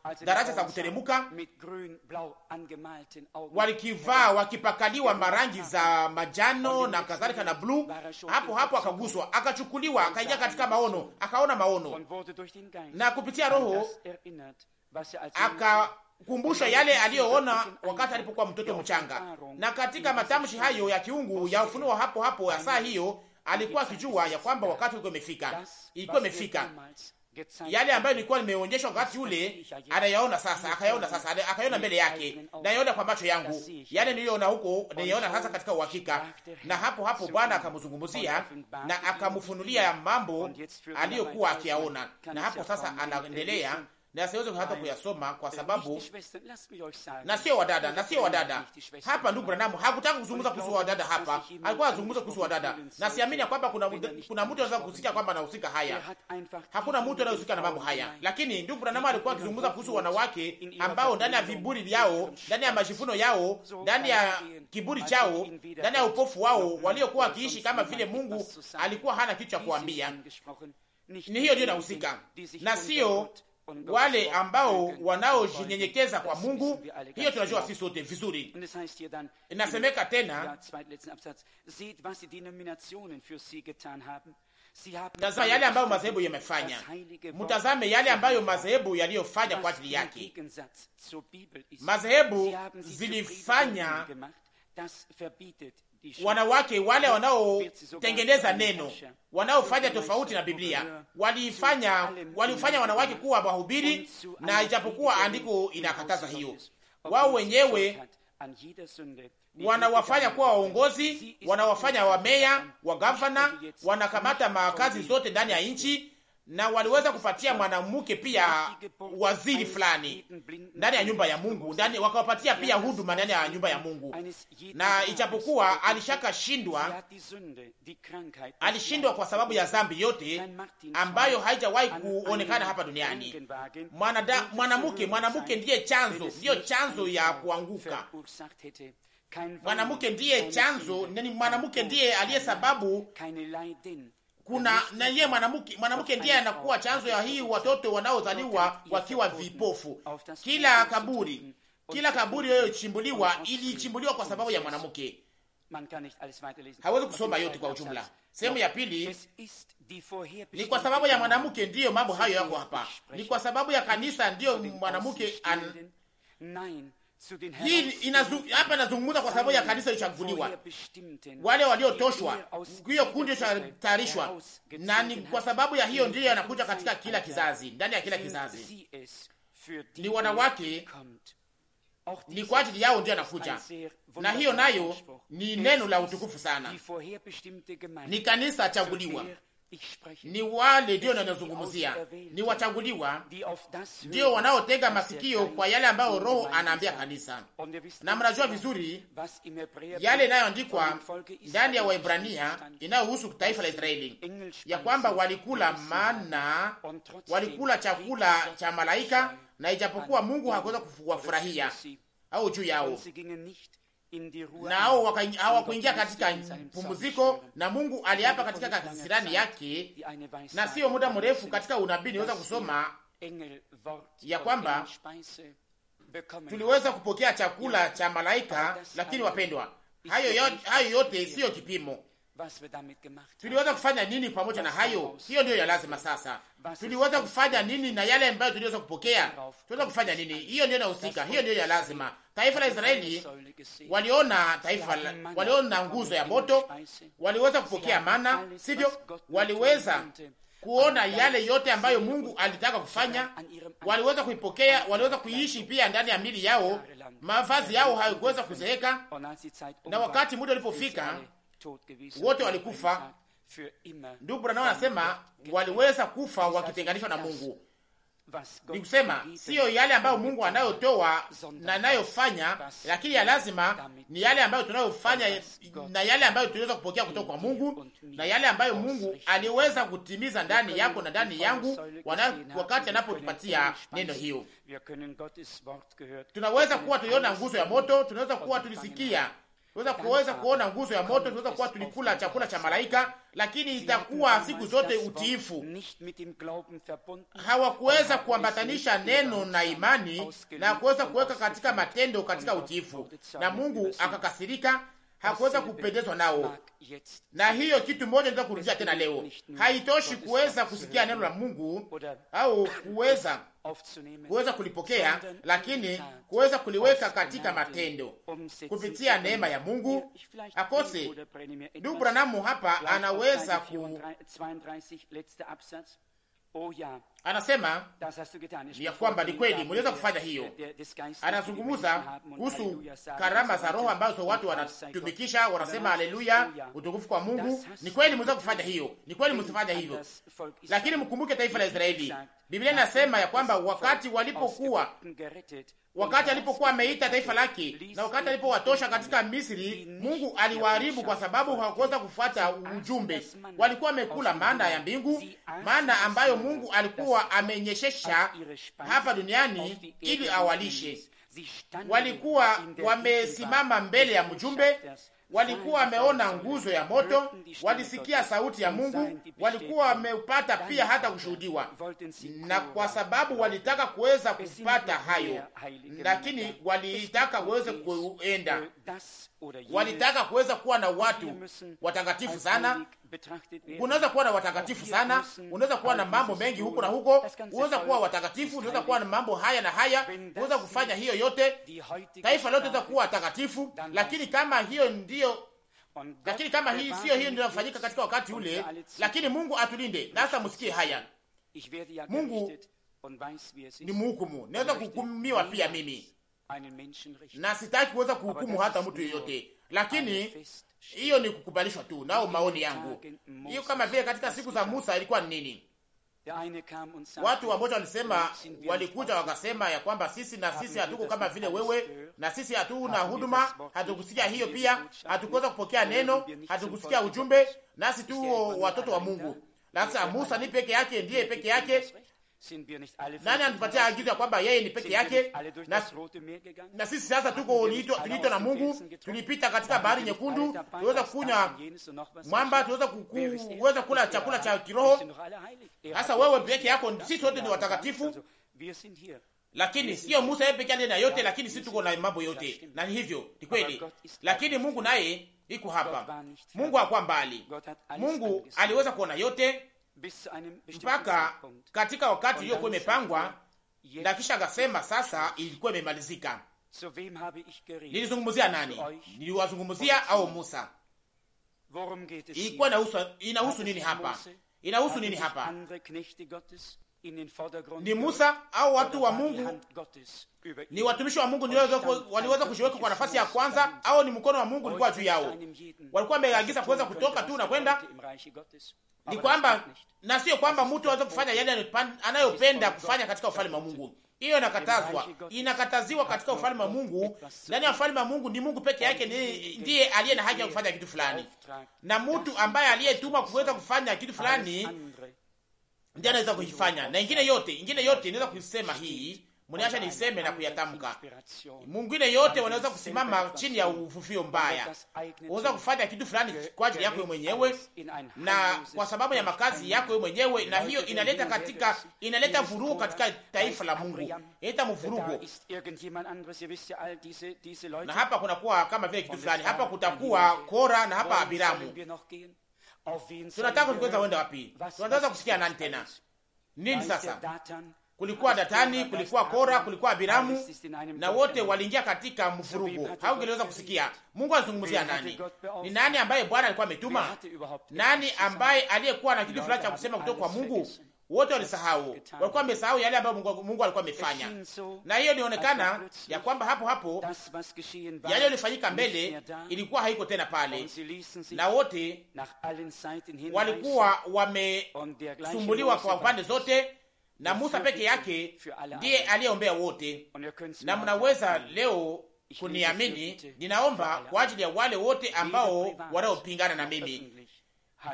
madaraja za kuteremuka, walikivaa wakipakaliwa marangi za majano na kadhalika na bluu. Hapo hapo akaguswa, akachukuliwa, akaingia katika maono, akaona maono na kupitia Roho er akakumbusha yale aliyoona wakati alipokuwa mtoto mchanga. Na katika matamshi hayo ya kiungu ya er ufunuo hapo hapo ya saa hiyo alikuwa akijua ya kwamba wakati ulikuwa umefika, ilikuwa imefika yale ambayo nilikuwa nimeonyeshwa wakati ule, anayaona sasa, akayaona sasa, akayaona mbele yake, nayaona kwa macho yangu. Yale niliyoona huko nayaona sasa katika uhakika. Na hapo hapo Bwana akamzungumzia na akamfunulia mambo er aliyokuwa akiyaona, na hapo sasa anaendelea na siweze hata kuyasoma kwa sababu na sio wadada, na sio wadada hapa. Ndugu Branham hakutaka kuzungumza kuhusu wadada hapa, alikuwa azungumza kuhusu wadada, na siamini kwamba kuna er kuna mtu anaweza kusikia kwamba anahusika haya. Er Hakuna mtu anayehusika na mambo haya, lakini ndugu er Branham alikuwa akizungumza kuhusu wanawake ambao ndani ya viburi vyao, ndani ya majivuno yao, ndani ya kiburi chao, ndani ya upofu wao, waliokuwa wakiishi kama vile Mungu alikuwa hana kitu cha kuambia. Ni hiyo ndio inahusika na sio wale ambao wanaojinyenyekeza kwa Mungu. Hiyo tunajua sisi sote vizuri. Inasemeka tena, tazama yale ambayo madhehebu yamefanya, mtazame yale ambayo madhehebu yaliyofanya kwa ajili yake. Madhehebu zilifanya wanawake wale wanaotengeneza neno, wanaofanya tofauti na Biblia, walifanya walifanya wanawake kuwa wahubiri, na ijapokuwa andiko inakataza hiyo, wao wenyewe wanawafanya kuwa waongozi, wanawafanya wameya, wagavana, wanakamata makazi zote ndani ya nchi na waliweza kupatia mwanamke pia waziri fulani ndani ya nyumba ya Mungu ndani, wakawapatia pia huduma ndani ya nyumba ya Mungu. Na ichapokuwa alishaka shindwa, alishindwa kwa sababu ya dhambi yote ambayo haijawahi kuonekana hapa duniani. Mwanamke, mwanamke ndiye chanzo, ndiyo chanzo ya kuanguka. Mwanamke ndiye chanzo, mwanamke ndiye aliye sababu kuna na yeye mwanamke mwanamke ndiye anakuwa chanzo ya hii watoto wanaozaliwa wakiwa vipofu. Kila kaburi, kila kaburi iliyochimbuliwa ilichimbuliwa kwa sababu ya mwanamke. Hawezi kusoma yote kwa ujumla. Sehemu ya pili ni kwa sababu ya mwanamke, ndiyo mambo hayo yako hapa. Ni kwa sababu ya kanisa, ndiyo mwanamke an... Hii inazu, hapa inazungumza kwa sababu ya kanisa lichaguliwa, wale waliotoshwa, hiyo kundi lichotayarishwa, na ni kwa sababu ya hiyo ndiyo yanakuja katika kila kizazi, ndani ya kila kizazi ni wanawake, ni kwa ajili yao ndiyo yanakuja, na hiyo nayo ni neno la utukufu sana, ni kanisa chaguliwa ni wale ndio nanazungumzia, ni wachaguliwa, ndio wanaotega masikio kwa yale ambayo Roho anaambia kanisa. Na mnajua vizuri yale inayoandikwa ndani ya Waebrania inayohusu taifa la Israeli ya kwamba walikula mana, walikula chakula cha malaika, na ijapokuwa Mungu hakuweza kuwafurahia au juu yao nao hawakuingia katika pumziko, na Mungu aliapa katika kasirani yake. Na siyo muda mrefu katika unabii niweza kusoma ya kwamba tuliweza kupokea chakula cha malaika, lakini wapendwa, hayo yote siyo kipimo tuliweza kufanya nini pamoja na hayo? Hiyo ndiyo ya lazima sasa. Tuliweza kufanya nini na yale ambayo tuliweza kupokea? Tuliweza kufanya nini? Hiyo ndiyo inahusika, hiyo ndiyo ya lazima. Taifa la Israeli waliona taifa waliona nguzo ya moto, waliweza kupokea mana, sivyo? Waliweza kuona yale yote ambayo Mungu alitaka kufanya, waliweza kuipokea, waliweza kuiishi pia ndani ya mili yao. Mavazi yao hayakuweza kuzeeka, na wakati muda ulipofika wote walikufa. Ndugu Branham anasema waliweza kufa wakitenganishwa na Mungu, ni kusema siyo yale ambayo Mungu er anayotoa na anayofanya, lakini ya lazima ni yale ambayo tunayofanya na yale ambayo tunaweza kupokea kutoka kwa Mungu na yale ambayo Mungu aliweza kutimiza ndani yako na ndani yangu wana, wakati anapotupatia neno hiyo. Tunaweza kuwa tuliona nguzo ya moto, tunaweza kuwa tulisikia Tuweza kuweza kuona nguzo ya moto, tuweza kuwa tulikula chakula cha malaika, lakini itakuwa siku zote utiifu. Hawakuweza kuambatanisha neno na imani na kuweza kuweka katika matendo katika utiifu, na Mungu akakasirika, hakuweza kupendezwa nao. Na hiyo kitu moja ndio kurudia tena leo, haitoshi kuweza kusikia neno la Mungu au kuweza kuweza kulipokea, lakini kuweza kuliweka katika matendo kupitia neema ya Mungu akose. Ndugu Branamu hapa anaweza ku anasema ya kwamba ni kweli mliweza kufanya hiyo. Anazungumza kuhusu karama za Roho ambazo watu wanatumikisha, wanasema haleluya, utukufu kwa Mungu. Ni kweli mliweza kufanya hiyo, ni kweli msifanya hivyo, lakini mkumbuke taifa la Israeli. Biblia inasema ya kwamba wakati walipokuwa wakati alipokuwa ameita taifa lake na wakati alipowatosha katika Misri, Mungu aliwaharibu kwa sababu hawakuweza kufuata ujumbe. Walikuwa wamekula maana ya mbingu, maana ambayo Mungu alikuwa alikuwa amenyeshesha hapa duniani ili awalishe. Walikuwa wamesimama mbele ya mjumbe, walikuwa wameona nguzo ya moto, walisikia sauti ya Mungu, walikuwa wameupata pia hata kushuhudiwa, na kwa sababu walitaka kuweza kupata hayo, lakini walitaka waweze kuenda, walitaka kuweza kuwa na watu watakatifu sana Unaweza kuwa na watakatifu sana, unaweza kuwa na mambo mengi huko na huko, unaweza kuwa watakatifu, unaweza kuwa na mambo haya na haya, unaweza kufanya hiyo yote, taifa lote liweza kuwa takatifu, lakini kama hiyo ndiyo lakini kama hii sio hiyo ndio inafanyika katika wakati ule, lakini Mungu atulinde. Sasa msikie haya, Mungu ni mhukumu, naweza kuhukumiwa pia mimi, na sitaki kuweza kuhukumu hata mtu yeyote, lakini hiyo ni kukubalishwa tu nao maoni yangu. Hiyo kama vile katika siku za Musa ilikuwa ni nini? Watu wamoja walisema, walikuja wakasema ya kwamba sisi na sisi hatuko kama vile wewe, na sisi hatuna huduma, hatukusikia hiyo pia, hatukuweza kupokea neno, hatukusikia ujumbe, nasi tu watoto wa Mungu. Sasa Musa ni peke yake, ndiye peke yake nani anatupatia agizo ya kwamba yeye ni peke yake? Na, na sisi sasa tuko tuliitwa na Mungu, tulipita katika bahari nyekundu, tuweza kukunywa mwamba, tuweza er? kuweza kula er chakula cha kiroho. Er sasa wewe peke yako, sisi wote ni watakatifu, lakini sio Musa yeye peke yake na yote, lakini sisi tuko na mambo yote, na ni hivyo, ni kweli, lakini Mungu naye iko hapa. Mungu hakuwa mbali, Mungu aliweza kuona yote mpaka katika wakati uliokuwa imepangwa, er, na kisha akasema sasa ilikuwa imemalizika. Nilizungumzia nani? Niliwazungumzia au Musa? Ilikuwa inahusu nini hapa? Inahusu nini hapa? Ni Musa au watu wa Mungu? Ni watumishi wa Mungu waliweza er, kushiweka kwa nafasi ya kwanza, au ni mkono wa Mungu ulikuwa juu yao? Walikuwa wameagiza kuweza kutoka tu na kwenda ni kwamba na sio kwamba mtu aweze kufanya yale anayopenda kufanya katika ufalme wa Mungu. Hiyo inakatazwa, inakataziwa katika ufalme wa Mungu. Ndani ya ufalme wa Mungu ni Mungu peke yake ndiye aliye na haki ya kufanya kitu fulani, na mtu ambaye aliyetuma kuweza kufanya kitu fulani ndiye anaweza kuifanya, na ingine yote, ingine yote inaweza kusema hii Mniacha niseme na kuyatamka. Mwingine yote wanaweza kusimama chini ya uvuvio mbaya, unaweza kufanya kitu fulani kwa ajili yako mwenyewe na kwa sababu ya makazi yako wewe mwenyewe, na hiyo inaleta katika inaleta vurugu katika taifa la Mungu, inaleta mvurugo. Na hapa kunakuwa kama vile kitu fulani, hapa kutakuwa Kora na hapa Abiramu. Tunataka kuweza kwenda wapi? Tunataka kusikia nani tena nini sasa? Kulikuwa Datani, kulikuwa Kora, kulikuwa Abiramu, na wote waliingia katika mfurugo. Haungeliweza kusikia Mungu anazungumzia nani, ni nani ambaye Bwana alikuwa ametuma, nani ambaye aliyekuwa na kitu fulani cha kusema kutoka kwa Mungu. Wote walisahau, walikuwa wamesahau yale ambayo Mungu, alikuwa amefanya, na hiyo inaonekana ya kwamba hapo hapo yale yalifanyika mbele ilikuwa haiko tena pale, na wote walikuwa wamesumbuliwa kwa upande zote na Musa peke yake ndiye aliyeombea wote, na mnaweza leo kuniamini. Ninaomba kwa ajili ya wale wote ambao wanaopingana na mimi,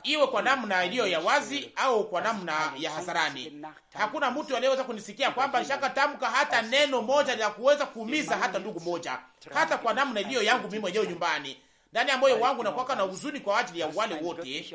iwe kwa namna iliyo ya wazi au kwa namna ya hasarani. Hakuna mtu aliyeweza kunisikia kwamba nishaka tamka hata neno moja la kuweza kuumiza hata ndugu moja, hata kwa namna iliyo yangu mimi mwenyewe nyumbani, ndani ya moyo wangu nakwaka na huzuni kwa ajili ya wale wote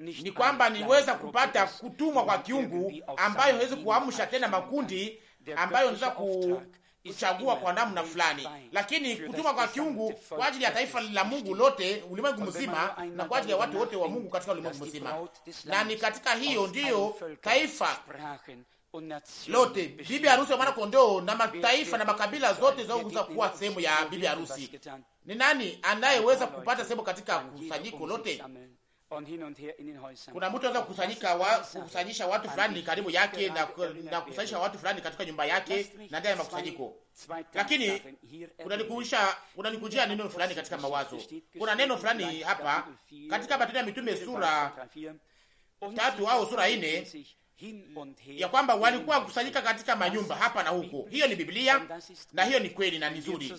ni kwamba niweza kupata kutumwa kwa kiungu ambayo haiwezi kuamsha tena makundi ambayo anaweza kuchagua kwa namna fulani, lakini kutumwa kwa kiungu kwa ajili ya taifa la Mungu lote, ulimwengu mzima, na kwa ajili ya watu wote wa Mungu katika ulimwengu mzima. Na ni katika hiyo ndiyo taifa lote bibi harusi wa mwana kondoo na mataifa na makabila zote zaweza kuwa sehemu ya bibi harusi. Ni nani anayeweza kupata sehemu katika kusanyiko lote? Kuna mtu anaweza kukusanyika wa, kukusanyisha watu fulani karibu yake na, na kukusanyisha watu fulani katika nyumba yake na ndani ya makusanyiko, lakini kunanikujia kuna neno fulani katika mawazo. Kuna neno fulani hapa katika Matendo ya Mitume sura tatu au sura ine ya kwamba walikuwa kusanyika katika manyumba hapa na huko. Hiyo ni Biblia na hiyo ni kweli na nzuri.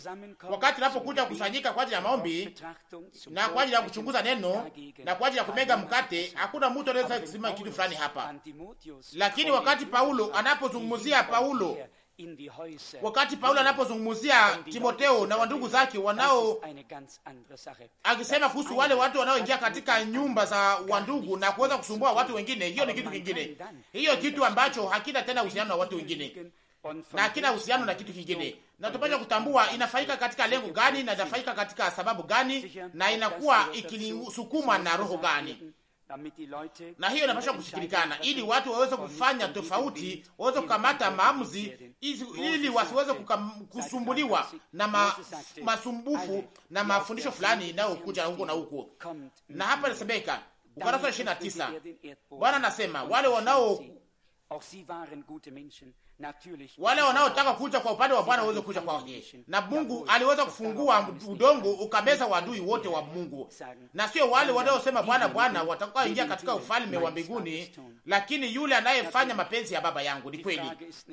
Wakati tunapokuja kusanyika kwa ajili ya maombi na kwa ajili ya kuchunguza neno na kwa ajili ya kumega mkate, hakuna mtu anaweza kusema kitu fulani hapa, lakini wakati Paulo anapozungumzia Paulo Wakati Paulo anapozungumzia Timoteo na wandugu zake wanao, akisema kuhusu wale watu wanaoingia katika nyumba za wandugu na kuweza kusumbua watu wengine, hiyo ni kitu kingine. Hiyo kitu ambacho hakina tena uhusiano na watu wengine na hakina uhusiano na kitu kingine, na kutambua inafaika katika lengo gani na inafaika katika sababu gani, na inakuwa ikisukuma na roho gani na hiyo inapaswa kusikilikana, ili watu waweze kufanya tofauti, waweze kukamata maamuzi, ili wasiweze kusumbuliwa na ma, masumbufu na mafundisho fulani inayokuja huko na huko. Na hapa nasemeka ukarasa wa ishirini na tisa Bwana anasema wale wanao wale wanaotaka kuja kwa upande wa Bwana waweze kuja kwake, na Mungu aliweza kufungua udongo ukameza wadui wote wa Mungu, na sio wale wanaosema Bwana Bwana watakaoingia katika ufalme wa mbinguni, lakini yule anayefanya mapenzi ya Baba yangu. Ni kweli,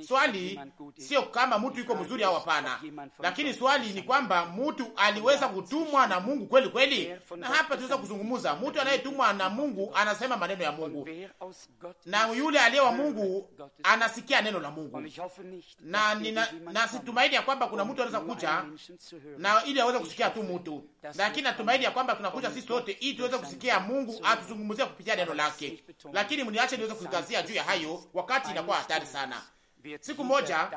swali sio kama mtu yuko mzuri au hapana, lakini swali ni kwamba mtu aliweza kutumwa na Mungu kweli kweli. Na hapa tunaweza kuzungumza, mtu anayetumwa na Mungu anasema maneno ya Mungu, na yule aliye wa Mungu anasikia neno la Mungu. Mungu, na nina, situmaini ya kwamba kuna mtu anaweza kuja na ili aweze kusikia tu mtu, lakini natumaini ya kwamba tunakuja sisi sote ili tuweze kusikia Mungu atuzungumzia kupitia neno lake. Lakini mniache niweze kukazia juu ya hayo, wakati inakuwa hatari sana. Siku moja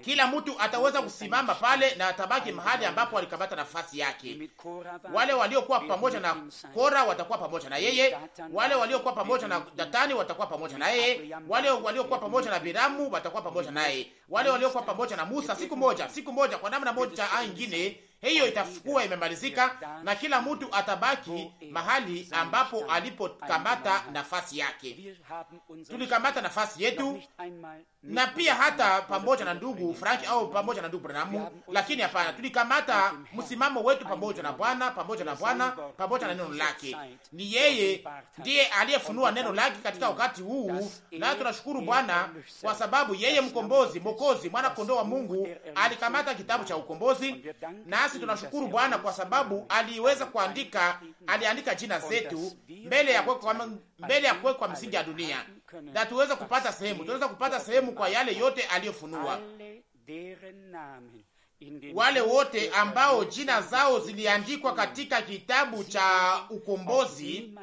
kila mtu ataweza kusimama pale na atabaki mahali ambapo alikamata nafasi yake. Wale waliokuwa pamoja na Kora watakuwa pamoja na yeye, wale waliokuwa pamoja na Datani watakuwa pamoja na yeye, wale waliokuwa pamoja na Biramu watakuwa pamoja naye, wale waliokuwa pamoja na Musa. Siku moja, siku moja, kwa namna moja au nyingine, hiyo itakuwa imemalizika na kila mtu atabaki er mahali ambapo alipokamata nafasi yake. Tulikamata nafasi yetu na pia hata pamoja na ndugu Frank au pamoja na ndugu Branham, lakini hapana, tulikamata msimamo wetu pamoja na Bwana, pamoja na Bwana, pamoja na neno lake. Ni yeye ndiye aliyefunua neno lake katika wakati huu, na tunashukuru Bwana kwa sababu yeye mkombozi, mokozi mwana kondoo wa Mungu alikamata kitabu cha ukombozi, nasi tunashukuru Bwana kwa sababu aliweza kuandika, aliandika jina zetu mbele ya kuwekwa, mbele ya kuwekwa msingi ya dunia na tuweza kupata sehemu, tunaweza kupata sehemu kwa yale yote aliyofunua wale wote ambao jina zao ziliandikwa katika kitabu cha ukombozi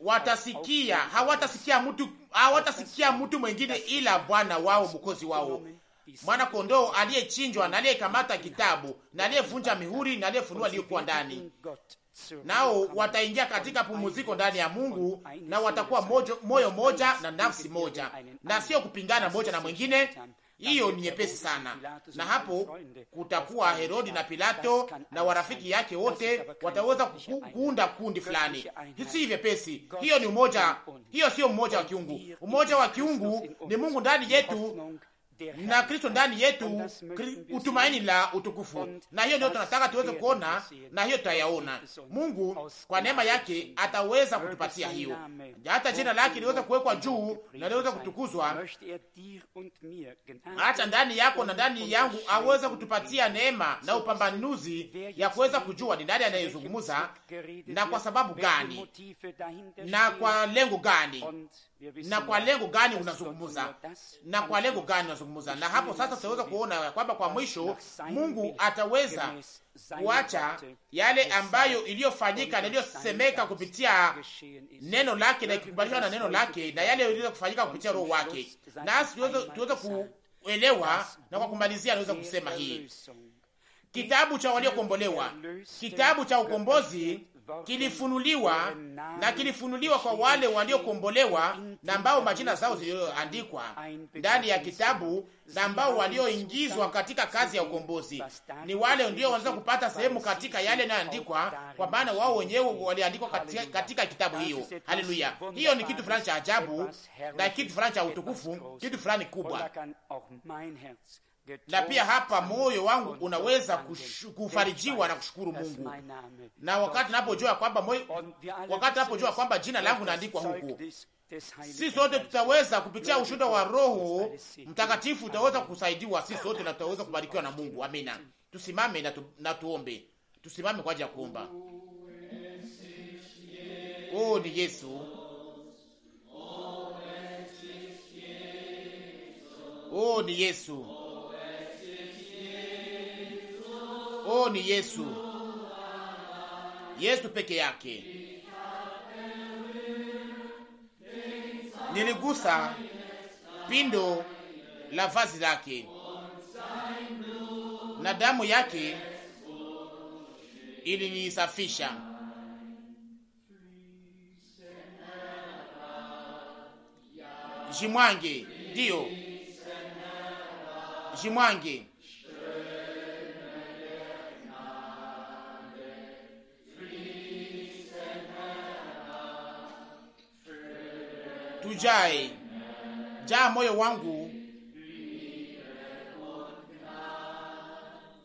watasikia, hawatasikia mtu, hawatasikia mtu mwengine ila Bwana wao mukozi wao, mwana kondoo aliyechinjwa na aliyekamata kitabu na aliyevunja mihuri na aliyefunua aliyokuwa ndani nao wataingia katika pumuziko ndani ya Mungu, na watakuwa mojo, moyo moja na nafsi moja, na sio kupingana moja na mwingine. Hiyo ni nyepesi sana, na hapo kutakuwa Herodi na Pilato na warafiki yake wote wataweza kuunda kundi fulani. Si vyepesi, hiyo ni umoja, hiyo sio umoja wa kiungu. Umoja wa kiungu ni Mungu ndani yetu na Kristo ndani yetu, utumaini la utukufu. Na hiyo ndio tunataka tuweze kuona, na hiyo tutayaona. Mungu kwa neema yake ataweza kutupatia hiyo, hata jina lake liweze kuwekwa juu na liweze kutukuzwa. hata ndani yako na ndani yangu aweze kutupatia neema na upambanuzi ya kuweza kujua ni nani anayezungumza na kwa sababu gani na kwa lengo gani na kwa lengo gani unazungumza na kwa lengo gani unazungumuza. Na hapo sasa tutaweza kuona ya kwamba kwa mwisho Mungu ataweza kuacha yale ambayo iliyofanyika na iliyosemeka kupitia neno lake na ikikubaliwa na neno lake na yale iliweza kufanyika kupitia roho wake, nasi tuweze kuelewa. Na kwa kumalizia, naweza kusema hii kitabu cha waliokombolewa, kitabu cha ukombozi kilifunuliwa na kilifunuliwa kwa wale waliokombolewa na ambao majina zao ziliyoandikwa ndani ya kitabu na ambao walioingizwa katika kazi ya ukombozi. Ni wale ndio wanaweza kupata sehemu katika yale yanayoandikwa, kwa maana wao wenyewe waliandikwa katika, katika kitabu hiyo. Haleluya! Hiyo ni kitu fulani cha ajabu na kitu fulani cha utukufu, kitu fulani kubwa na pia hapa moyo wangu unaweza kufarijiwa na kushukuru Mungu, na wakati napojua kwamba moyo, wakati napojua kwamba jina langu naandikwa huku si sote tutaweza kupitia ushuhuda wa Roho Mtakatifu, tutaweza kusaidiwa si sote, na tutaweza kubarikiwa na Mungu. Amina. Tusimame na, tu, na tuombe. Tusimame kwa ajili ya kuomba. Oh, ni Yesu. Oh, ni Yesu. oh, ni Yesu, Yesu peke yake. Niligusa pindo la vazi lake na damu yake ilinisafisha. Jimwange, ndiyo jimwange ujae, jaa moyo wangu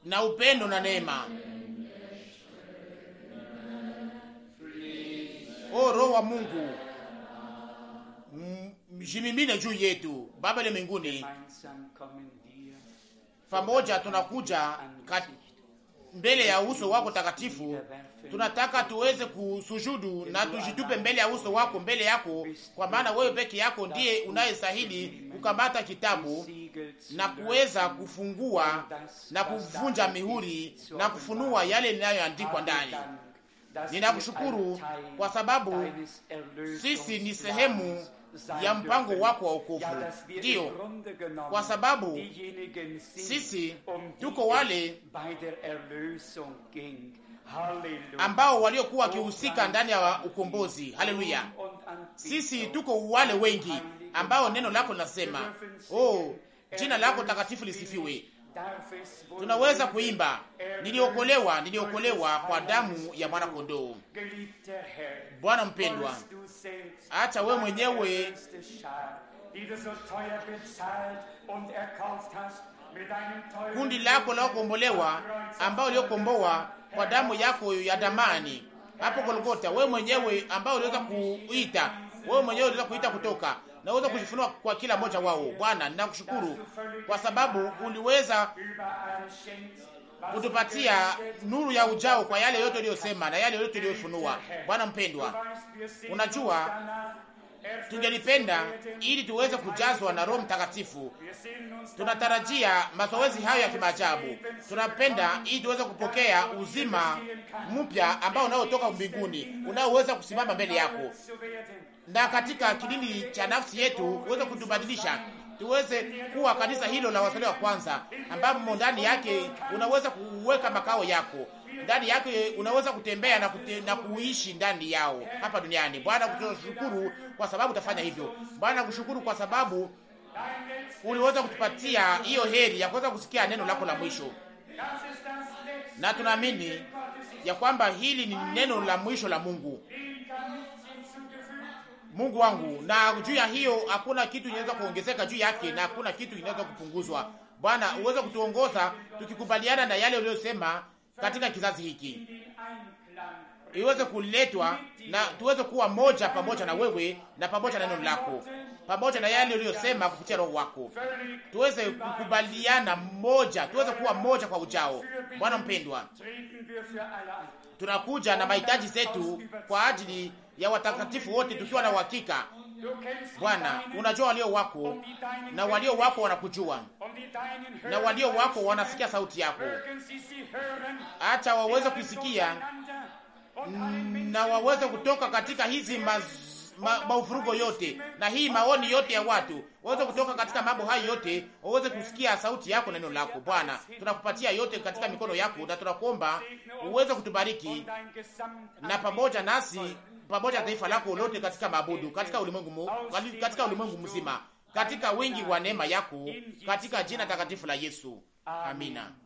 na upendo na neema. O Roho wa Mungu, jimimine juu yetu. Baba ya mbinguni, pamoja tunakuja kati mbele ya uso wako takatifu. Tunataka tuweze kusujudu na tujitupe mbele ya uso wako, mbele yako, kwa maana wewe peke yako ndiye unayestahili kukamata kitabu na kuweza kufungua na kuvunja mihuri na kufunua yale inayoandikwa ndani. Ninakushukuru kwa sababu sisi ni sehemu ya mpango wako wa wokovu. Ndiyo, kwa sababu sisi tuko wale ambao waliokuwa wakihusika ndani ya ukombozi. Haleluya! Sisi tuko wale wengi ambao neno lako linasema, oh, jina lako takatifu lisifiwe tunaweza kuimba niliokolewa, niliokolewa kwa damu ya mwana kondoo. Bwana mpendwa, acha wewe mwenyewe kundi lako la kuombolewa ambao uliokomboa kwa damu yako ya damani hapo Golgota, wewe mwenyewe ambao uliweza kuita, wewe mwenyewe uliweza kuita kutoka naweza kujifunua kwa kila mmoja wao. Bwana, ninakushukuru kwa sababu uliweza kutupatia nuru ya ujao kwa yale yote uliyosema na yale yote uliyofunua. Bwana mpendwa, unajua tungelipenda ili tuweze kujazwa na Roho Mtakatifu. Tunatarajia mazoezi hayo ya kimaajabu, tunapenda ili tuweze kupokea uzima mpya ambao unaotoka mbinguni, unaoweza kusimama mbele yako na katika kilindi cha nafsi yetu uweze kutubadilisha tuweze kuwa kanisa hilo la wasale wa kwanza, ambapo ndani yake unaweza kuweka makao yako, ndani yake unaweza kutembea na, kute, na kuishi ndani yao hapa duniani. Bwana kushukuru kwa sababu utafanya hivyo. Bwana kushukuru kwa sababu uliweza kutupatia hiyo heri ya kuweza kusikia neno lako la mwisho, na tunaamini ya kwamba hili ni neno la mwisho la Mungu Mungu wangu, na juu ya hiyo hakuna kitu inaweza kuongezeka juu yake na hakuna kitu inaweza kupunguzwa. Bwana, uweze kutuongoza tukikubaliana na yale uliyosema katika kizazi hiki, iweze kuletwa na tuweze kuwa moja pamoja na wewe na pamoja na neno lako, pamoja na yale uliyosema kupitia Roho wako, tuweze kukubaliana moja, tuweze kuwa moja kwa ujao. Bwana mpendwa, tunakuja na mahitaji zetu kwa ajili ya watakatifu wote, tukiwa na uhakika Bwana, unajua walio wako na walio wako wanakujua na walio wako wanasikia sauti yako. Acha waweze kuisikia na waweze kutoka katika hizi maufurugo ma, yote na hii maoni yote ya watu, waweze kutoka katika mambo hayo yote, waweze kusikia sauti yako na neno lako. Bwana, tunakupatia yote katika mikono yako, na tunakuomba uweze kutubariki na pamoja nasi pamoja na taifa lako lote katika mabudu, katika ulimwengu, katika ulimwengu mzima, katika wingi wa neema yako, katika jina takatifu la Yesu. Amina.